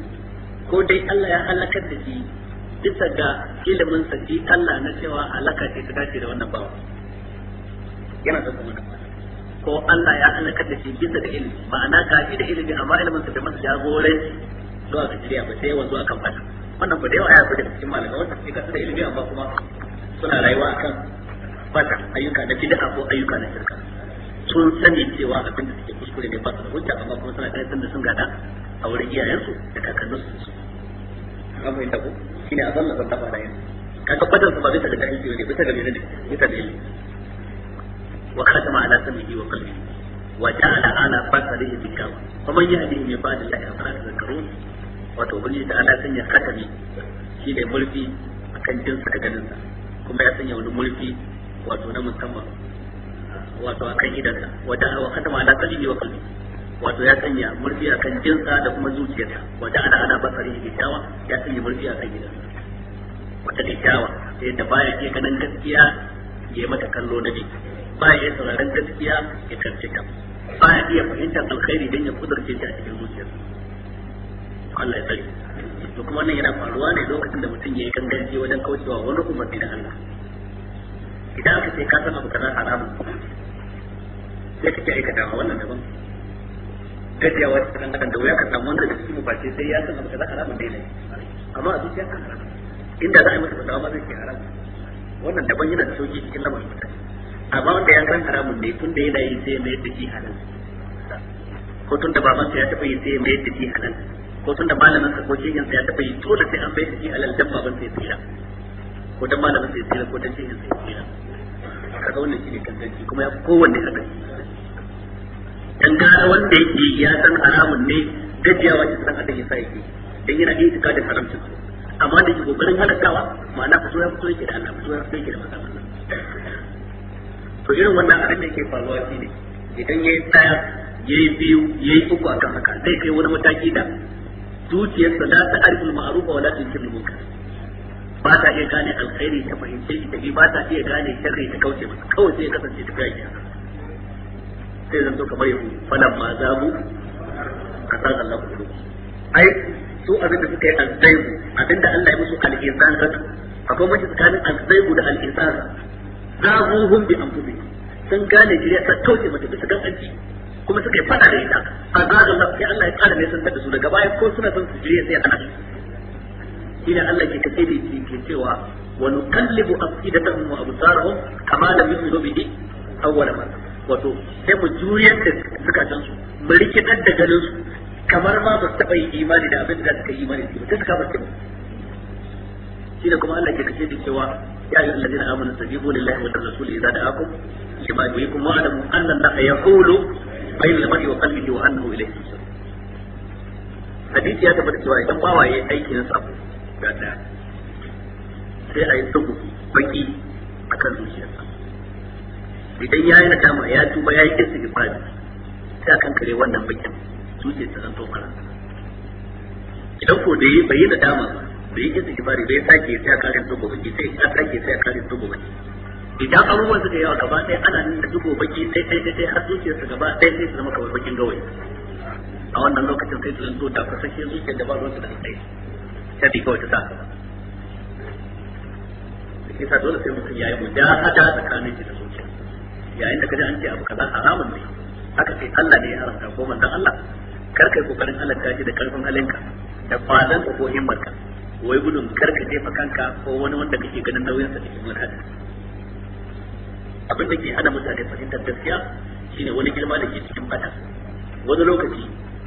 ko dai Allah ya halaka da shi bisa ga ilimin sa Allah na cewa ta da wannan yana ko Allah ya halaka da shi bisa da ilimi ma'ana ka da ilimi amma ilimin sa da masa jagoranci zuwa ga shirya ba sai wanzu akan fata wannan ba da yawa ya fi da cikin malamai wanda da ilimi amma kuma suna rayuwa akan fata ayyuka na bid'a ko ayyuka na shirka sun sani cewa abin da suke kuskure ne ba su da hujja amma kuma suna sun da sun gada a wurin iyayensu da kakannin su an fahimta ko shine a zalla zan tafa da yin kaka fatan su ba bisa da jahilci ne bisa ga menene ne bisa da ilimi wa khatama ala sam'ihi wa qalbi wa ja'ala ala basarihi dhikra fa man yahdihi min ba'di allahi afala tadhakkarun wato ubangiji da ala sanya khatami shi ne mulki akan jinsa da ganin sa kuma ya sanya wani mulki wato na musamman wato a akan idansa wata wa katama ala qalbi wa qalbi wato ya sanya a akan jinsa da kuma zuciyarsa wata ana ana basari da kyawa ya sanya a akan gidansa wata da kyawa sai da baya ke ganin gaskiya ya yi mata kallo na bi baya iya sauraron gaskiya ya karce ta baya iya fahimtar alkhairi dan ya kudurce ta a cikin zuciyarsa Allah ya tsare to kuma wannan yana faruwa ne lokacin da mutum ya yi ganganci wajen kaucewa wani umarni da Allah idan aka ce ka san abu kaza haramun sai kake aikatawa wannan daban gajiyawa ta kan kan da wuya ka samu wanda da su mu face sai ya san abu kaza haramun dai ne amma a zuciya kan haramun inda za a yi masa fatawa ba zai ke haramun wannan daban yana da sauki cikin lamarin mutane amma wanda ya san haramun ne tun da yana yi sai ya mayar da shi halal ko tun da babansa ya taɓa yi sai ya mayar da shi halal ko tunda malamin sa ko shehin sa ya taba yi dole sai an bai shi alal dabba ban sai tsira ko dan malamin sai tsira ko dan shehin sai tsira kaga wannan shine kantanci kuma ya kowanne haka dan gara wanda yake ya san haramun ne gajiyawa shi san adan sai yake dan yana iya tikadin haramcin su amma da ke kokarin halakawa ma'ana fito ya fito yake da Allah fito ya fito yake da maza Allah to irin wannan abin da yake faruwa shine idan yayi tsaya yayi biyu yayi uku akan haka zai kai wani mataki da zuciyarsa ta arfi ma'arufa wa la tunkirul muka ba ta iya gane alkhairi ta fahimce shi ta ba ta iya gane sharri ta kauce masa kawai sai ya kasance ta gaya kiyar sai zanto kamar yau falan ma zabu kasar Allah ku ai su abin da suka yi alzaibu abin da Allah ya musu al zatu akwai mace tsakanin azzaibu da al-insan zabuhum bi anfusihim sun gane shirya ta kauce mata bisa ganganci kuma suka yi fada da ita a zaɗin lafi Allah ya kada mai sun da su daga baya ko suna son su jiriya sai a kada shi ne Allah ke kace da ke cewa wa nuqallibu afidatahum wa absarahum kama lam yu'minu bihi awwala marra wato sai mu juriyar da zukatan su mu rikidar da ganin su kamar ma ba su taɓa yi imani da abin da suka yi imani da suka ba su shi ne kuma Allah ke kace da cewa يا أيها الذين آمنوا استجيبوا لله وللرسول إذا دعاكم لما يحييكم واعلموا أن الله يقول بين wa وقلبه وانه اليه يحشر hadisi ya tabbata cewa idan bawa ya aiki na sabo ga daya sai a yi sabu baki a kan zuciyarsa idan ya yi na dama ya tuba ya yi istighfar sai akan kare wannan bakin zuciyarsa zan to fara idan ko da yi bai yi dama bai yi istighfar bai sake sai akan kare sabu baki sai a sake sai akan kare sabu baki idan abubuwan suka yawa gaba ɗaya ana nan da dubo baki sai sai sai har zuciyarsa gaba ɗaya sai su zama kawai bakin gawayi a wannan lokacin sai su zanto da fasashe zuciyar da ba zuwa su da kai ta bi kawai ta sa ke sa dole sai mutum yayi da tsakanin ki da zuciya yayin da kaje an ce abu kaza haramun ne haka sai Allah ne ya haramta ko manzon Allah kar kai kokarin halatta ji da karfin halinka da kwalan ko himmarka wai gudun kar ka jefa kanka ko wani wanda kake ganin nauyin sa cikin wani hadisi abin da ke hana mutane fahimtar gaskiya shine wani girma da ke cikin fada wani lokaci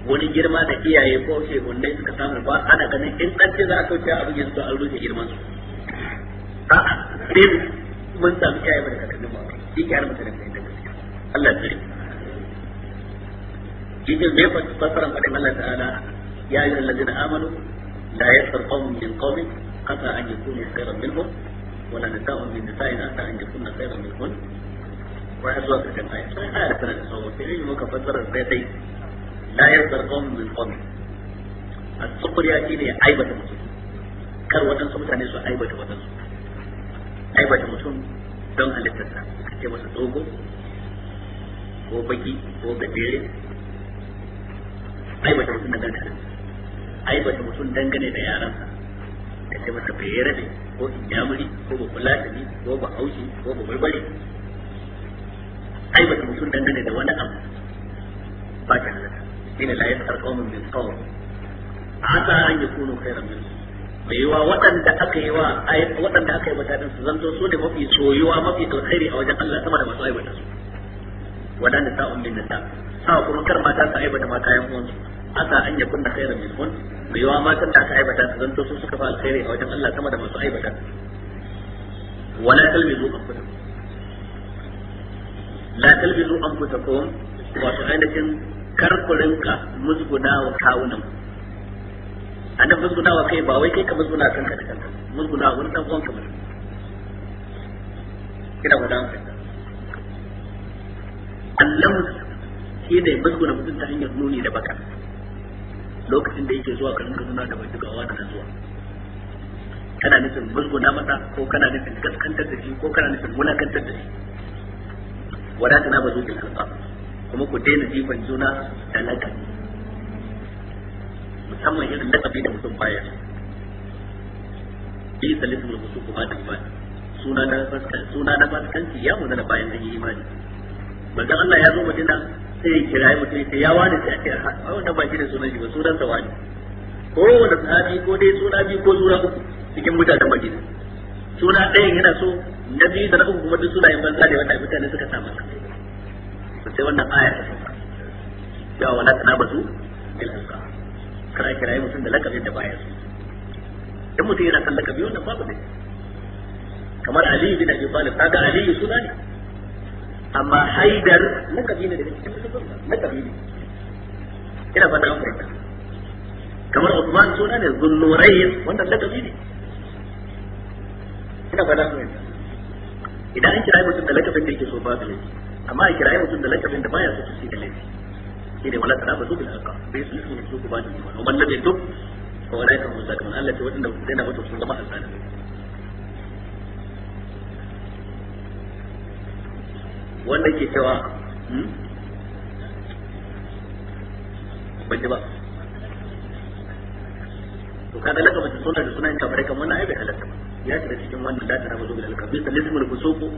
wani girma da iyaye ko shehunai suka samu ba ana ganin in an ce za a kauce abin yanzu an rufe girman su a'a sai mun samu iyaye da kakanni ba shi ke hana mutane fahimtar gaskiya Allah ya shi ne mai fasaran faɗin Allah ta'ala ya yi lalazina amanu la yasar qawmun min qawmin kasa an yakunu khairan minhum wala nisa'un min nisa'in asa an yakunna khayran min kun wa azwa kakan ayat sai ayat tana da tsawo sai ne muka fassara sai dai la yazdar qawm min qawm as-sukr ya shine aibata mutum kar wadansu mutane su aibata wadansu aibata mutum don halittarsa ka ce masa dogo ko baki ko gajere aibata mutum dangane da aibata mutum dangane da yaransa ka ce masa bayere ne ko inyamuri ko ba fulatani ko ba haushi ko ba barbari ai ba mutum dangane da wani abu ba ta halatta ne la yasar qaumun min qaum asa an yakunu khairan min mai yiwa waɗanda aka yi wa waɗanda aka yi ba tadin su zanto su ne mafi soyuwa mafi alkhairi a wajen Allah sama da masu aibata su waɗanda ta'un bin nisa sa kuma kar mata su aibata mata yan uwansu asa an ya kunna khairan min kun mai yawa matan da aka aibata su zanto su suka fa alkhairi a wajen Allah sama da masu aibata wala talmizu anfusakum la talmizu anfusakum wato ainihin kar ku rinka musguna wa kawunan anan musguna wa kai ba wai kai ka musguna kanka da kanka musguna wa wani dan ka ba kina guda an Allah shi ne musguna mutum ta hanyar nuni da baka lokacin da yake zuwa garin Kaduna da bai gawa da zuwa kana nufin musguna mata ko kana nufin gaskantar da shi ko kana nufin wulakantar da shi wala tana ba zuwa kalba kuma ku daina jifan juna da lakabi musamman irin lakabi da mutum baya bi salisu musu kuma da imani suna na suna na faskanci ya mu na bayan da imani manzon Allah ya zo Madina sai ya kira mutum sai ya wani sai ake ce a wannan ba shi da sunan shi ba sunan sa wani ko wanda sahabi ko dai suna biyu ko suna uku cikin mutanen Madina suna ɗaya yana so na biyu da na uku kuma duk yin banza ne wanda mutane suka sa masa sai wannan aya ta sauka cewa wala ila bil ansar kira yi mutum da lakabin da baya su dan mutum yana kan lakabi wanda babu ne kamar aliyu bin Abi Talib kaga aliyu suna ne amma haidar na kabila da cikin na kabila ina fata an fahimta kamar Usman suna ne zunnurayn wannan da kabila ina fata an fahimta idan an kirayi mutum da lakabin da yake so ba laifi amma a kirayi mutum da lakabin da baya so shi da laifi ne wala ba zu bil haka bai su su ku ba da iman wannan da duk ko wala kan mun zakaman Allah ce wadanda da na mutum sun zama alzalimi wanda ke cewa hmm? ban ba to kaga laka mace suna da sunan kafirai kan wannan ai bai halatta ba ya shiga cikin wannan da ta zo da alkabil da lismul fusuqu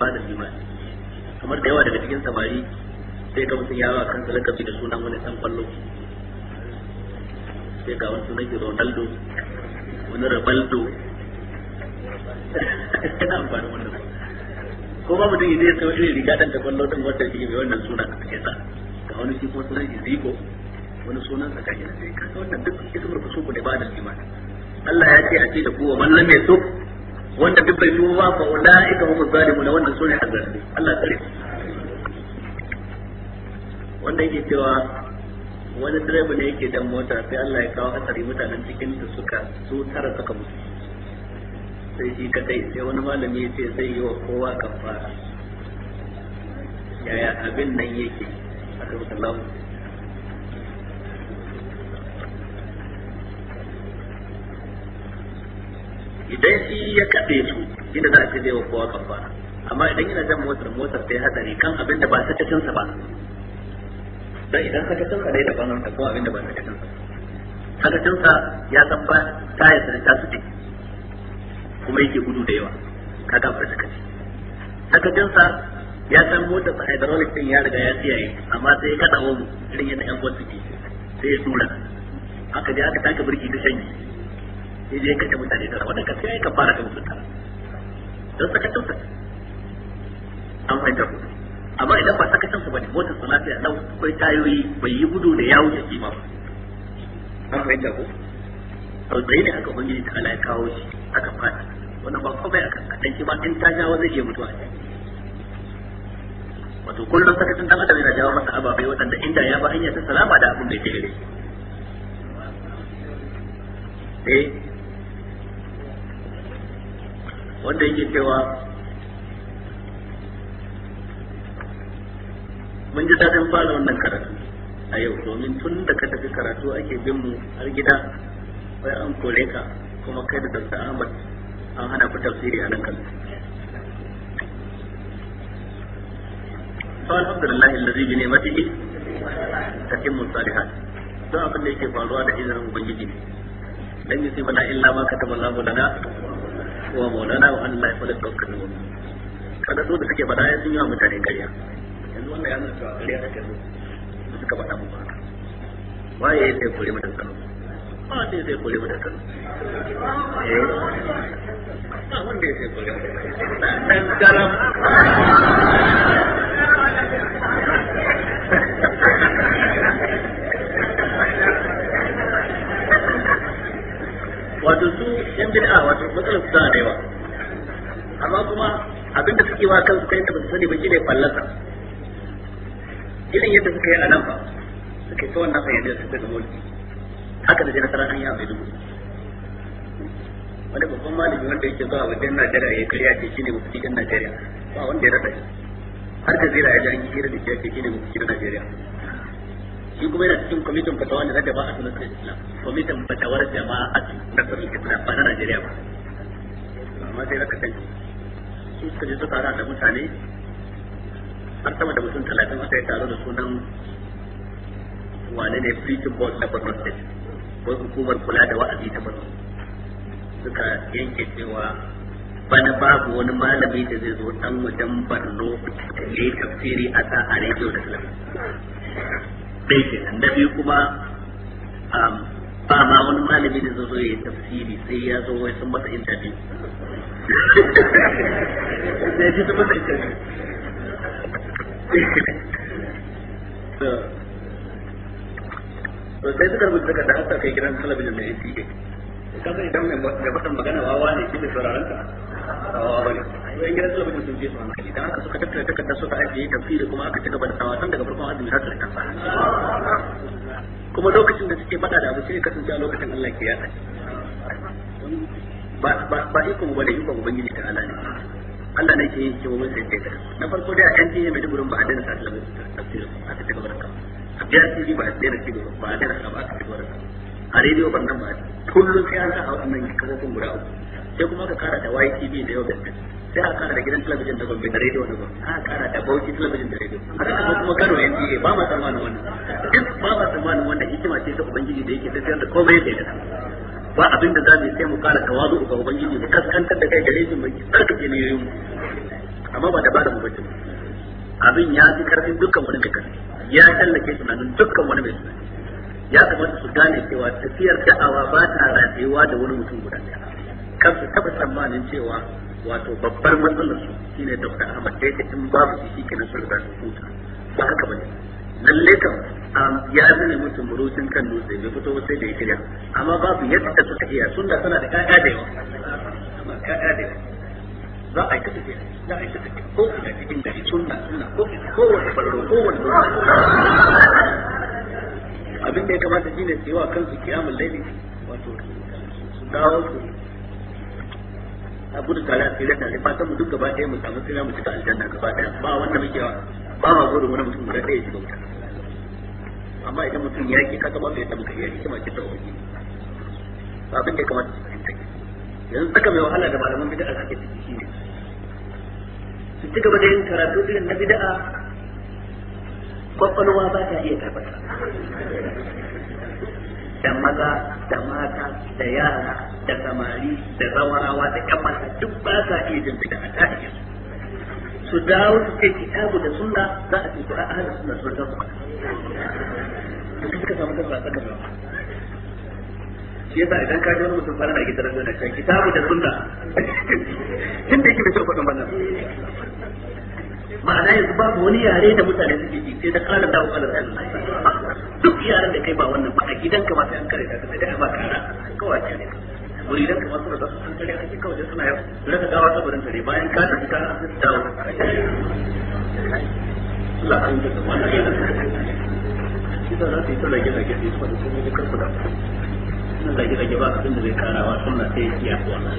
ba da imani kamar da yawa daga cikin samari sai ga mutum yawa kan lakabi da sunan wani dan kwallo sai ga wani sunan Ronaldo wani Rivaldo ina amfani wannan ko ba mutum idan ya sayo irin riga dan da kwallo din wanda shi mai wannan sunan a cikin sa ga wani shi kuma sunan Iziko wani sunan sa kaje na sai kaga wannan duk su kusubu da ba da iman Allah ya ce a ce da ku wa man su yasub wanda duk bai su ba fa ulaika humuz zalimun wanda sunan hazzabi Allah tsare wanda yake cewa wani direba ne yake dan mota sai Allah ya kawo hatsari mutanen cikin da suka su tara saka mutu sai shi kadai sai wani malami ya ce zai yi wa kowa kafara yaya abin nan yake a rubuta idan shi ya kaɗe su inda za a ce zai wa kowa kafara amma idan yana jan motar motar sai hatsari kan abin da ba sa ba dan idan sakacinsa dai daban ko abin da ba sa, sakacinsa sa ya san ba ta yarda ta suke kuma yake gudu da yawa kaga da sakaci sakacin sa ya san motar sa hydraulic din ya riga ya tsiyaye amma sai ya kada mu irin yadda yan gwan suke sai ya tura haka je aka taka birki da shanyi sai je kace mutane da wannan kace ya kafara da mutunta don saka sa an fahimta ku amma idan ba saka sa bane motar sa lafiya lau kai tayoyi bai yi gudu da yawo da kima ba an fahimta ku tsautsayi ne aka ubangiji ta ala ya kawo shi aka fada wannan ba bai aka kadan ba in ta jawo zai iya mutuwa wato kullum sakacin dan adam na jawo masa ababai waɗanda inda ya ba hanya ta salama da abin da yake gare eh wanda yake cewa mun ji daɗin fara wannan karatu a yau domin tun da ka tafi karatu ake bin mu har gida wai an kore ka kuma kai da Dr. Ahmad an hana ku tafsiri a nan kan fa alhamdulillah alladhi bi ni'matihi tatimmu salihat to abin da yake faruwa da izinin ubangiji dan yi yusi bala illa ma kataba Allahu lana wa maulana wa an la yafalak wani kada su da suke fada ya sun yi wa mutane karya yanzu wanda ya nuna cewa karya take su suka faɗa mu ba waye ya sai kore mutan sallallahu ba wanda ya zai kore mu da Kano eh. ba wanda ya zai kore mu da Kano dan wato su yan bid'a wato matsalar su da yawa amma kuma abin da suke wa kansu kai da ba su sani ba shine fallasa irin yadda suka yi a nan ba suka ta wannan bayanan suka ga mulki haka da nasarar an yi a Maiduguri wani babban malami wanda yake zuwa wajen Najeriya ya karya ce shine mafi din Najeriya ba wanda ya rada har da zira ya ji an yi hira da shi ce shine mafi din Najeriya shi kuma yana cikin kwamitin fatawa na rajaba a sunan Islam kwamitin fatawar jama'a a sunan Islam ba na Najeriya ba amma sai raka kai su suka je suka rasa mutane har sama da mutum talatin aka yi taro da sunan wane ne preaching board na Borno State ko hukumar kula da wa'azi ta bano suka yanke cewa bana babu wani malami da zai zo dan wajen barno da yi tafsiri a sa a rediyo da filam dai ke nan biyu kuma ba ma wani malami da zai zo ya tafsiri sai ya zo wai sun masa intabi sai ji sun masa intabi to sai suka rubuta daga da hasa kai gidan talabijin da ATA kaga idan mai da magana wawa ne shi sauraron ka wawa bane to gidan talabijin sun je su hankali dan haka suka tattara da suka ajiye tafsiri kuma aka ci gaba da tsawa daga farkon azumi har karshen sa kuma lokacin da suke faɗa da abu sai kasance a lokacin Allah ke yaɗa ba ba ikon ba da ikon ubangiji ta ala ne Allah ne ke yin kimomin sai sai na farko dai a yanki mai duburin ba a daina sa talabijin tafsirin aka ci da tsawa ya ce ba a tsere ce ba a tsere ba a tsere a rediyo ban nan ba a kullum sai an sa a wannan kafofin guda uku sai kuma ka kara da YTV da yau da sai a kara da gidan talabijin da gombe da rediyo da gombe a kara da bauchi talabijin da rediyo a kara da kuma kano NTA ba ma tsammanin wannan duk ba ma tsammanin wannan hikima ce ta ubangiji da yake tafiyar da komai da ya ba abinda za mu yi sai mu kara tawazu ga ubangiji mu kaskantar da kai gare shi mu tsarkake ne amma ba da ba da mu bace abin ya fi karfin dukkan wani da ya tallake tunanin dukkan wani mai tunani ya kamata su gane cewa tafiyar da'awa ba ta rayuwa da wani mutum guda ɗaya kan su taɓa tsammanin cewa wato babbar matsalar su shine Dr. Ahmad da yake in babu shi shi kenan sun riga sun huta ba haka bane lalle kan ya zane mutum murucin kan dutse bai fito sai da ya shirya amma babu yadda suka iya sunna tana da ƴaƴa da ƙaƙa da yawa za a yi kasa ce za a yi kasa ce ko ina cikin ko kowane kowane abin da ya kamata shi ne tsayawa kansu kiyamun laili wato su dawo su abu da tare a tsira tare ta mu duk gaba ɗaya mu samu tsira mu cika aljanna gaba ɗaya ba wanda muke ba ma gurin wani mutum guda ɗaya shiga wuta amma idan mutum ya ki kasa wanda ya samu kariya hikima ce ta ubangiji abin da ya kamata su fahimta yanzu saka mai wahala da malaman bid'a ciki su ci gaba da yin karatu irin na bid'a kwakwalwa ba ta iya karɓar da maza da mata da yara da samari da zamarawa da ƴan mata duk ba sa iya jin bid'a ta iya su dawo su ce kitabu da sunna za a ce ku a ahlus sunna sun ta suka samu kansu a tsakanin shi yasa idan ka ji wani mutum fara da gidan da kitabu da sunna tunda yake da shi faɗin wannan ma'ana yanzu babu wani yare da mutane suke ji sai da kana da wani duk yaran da kai ba wannan ba a gidanka ba sai an ka da ba kana kawai kare ka muridan kamar da sun kare ake kawai da suna yau raka gawa saboda tare bayan ka tafi ka na sun dawo Allah da yana kisa za su yi tsara gida gida su wani sun yi karku da sun da gida gida ba abin da zai karawa suna sai iya wannan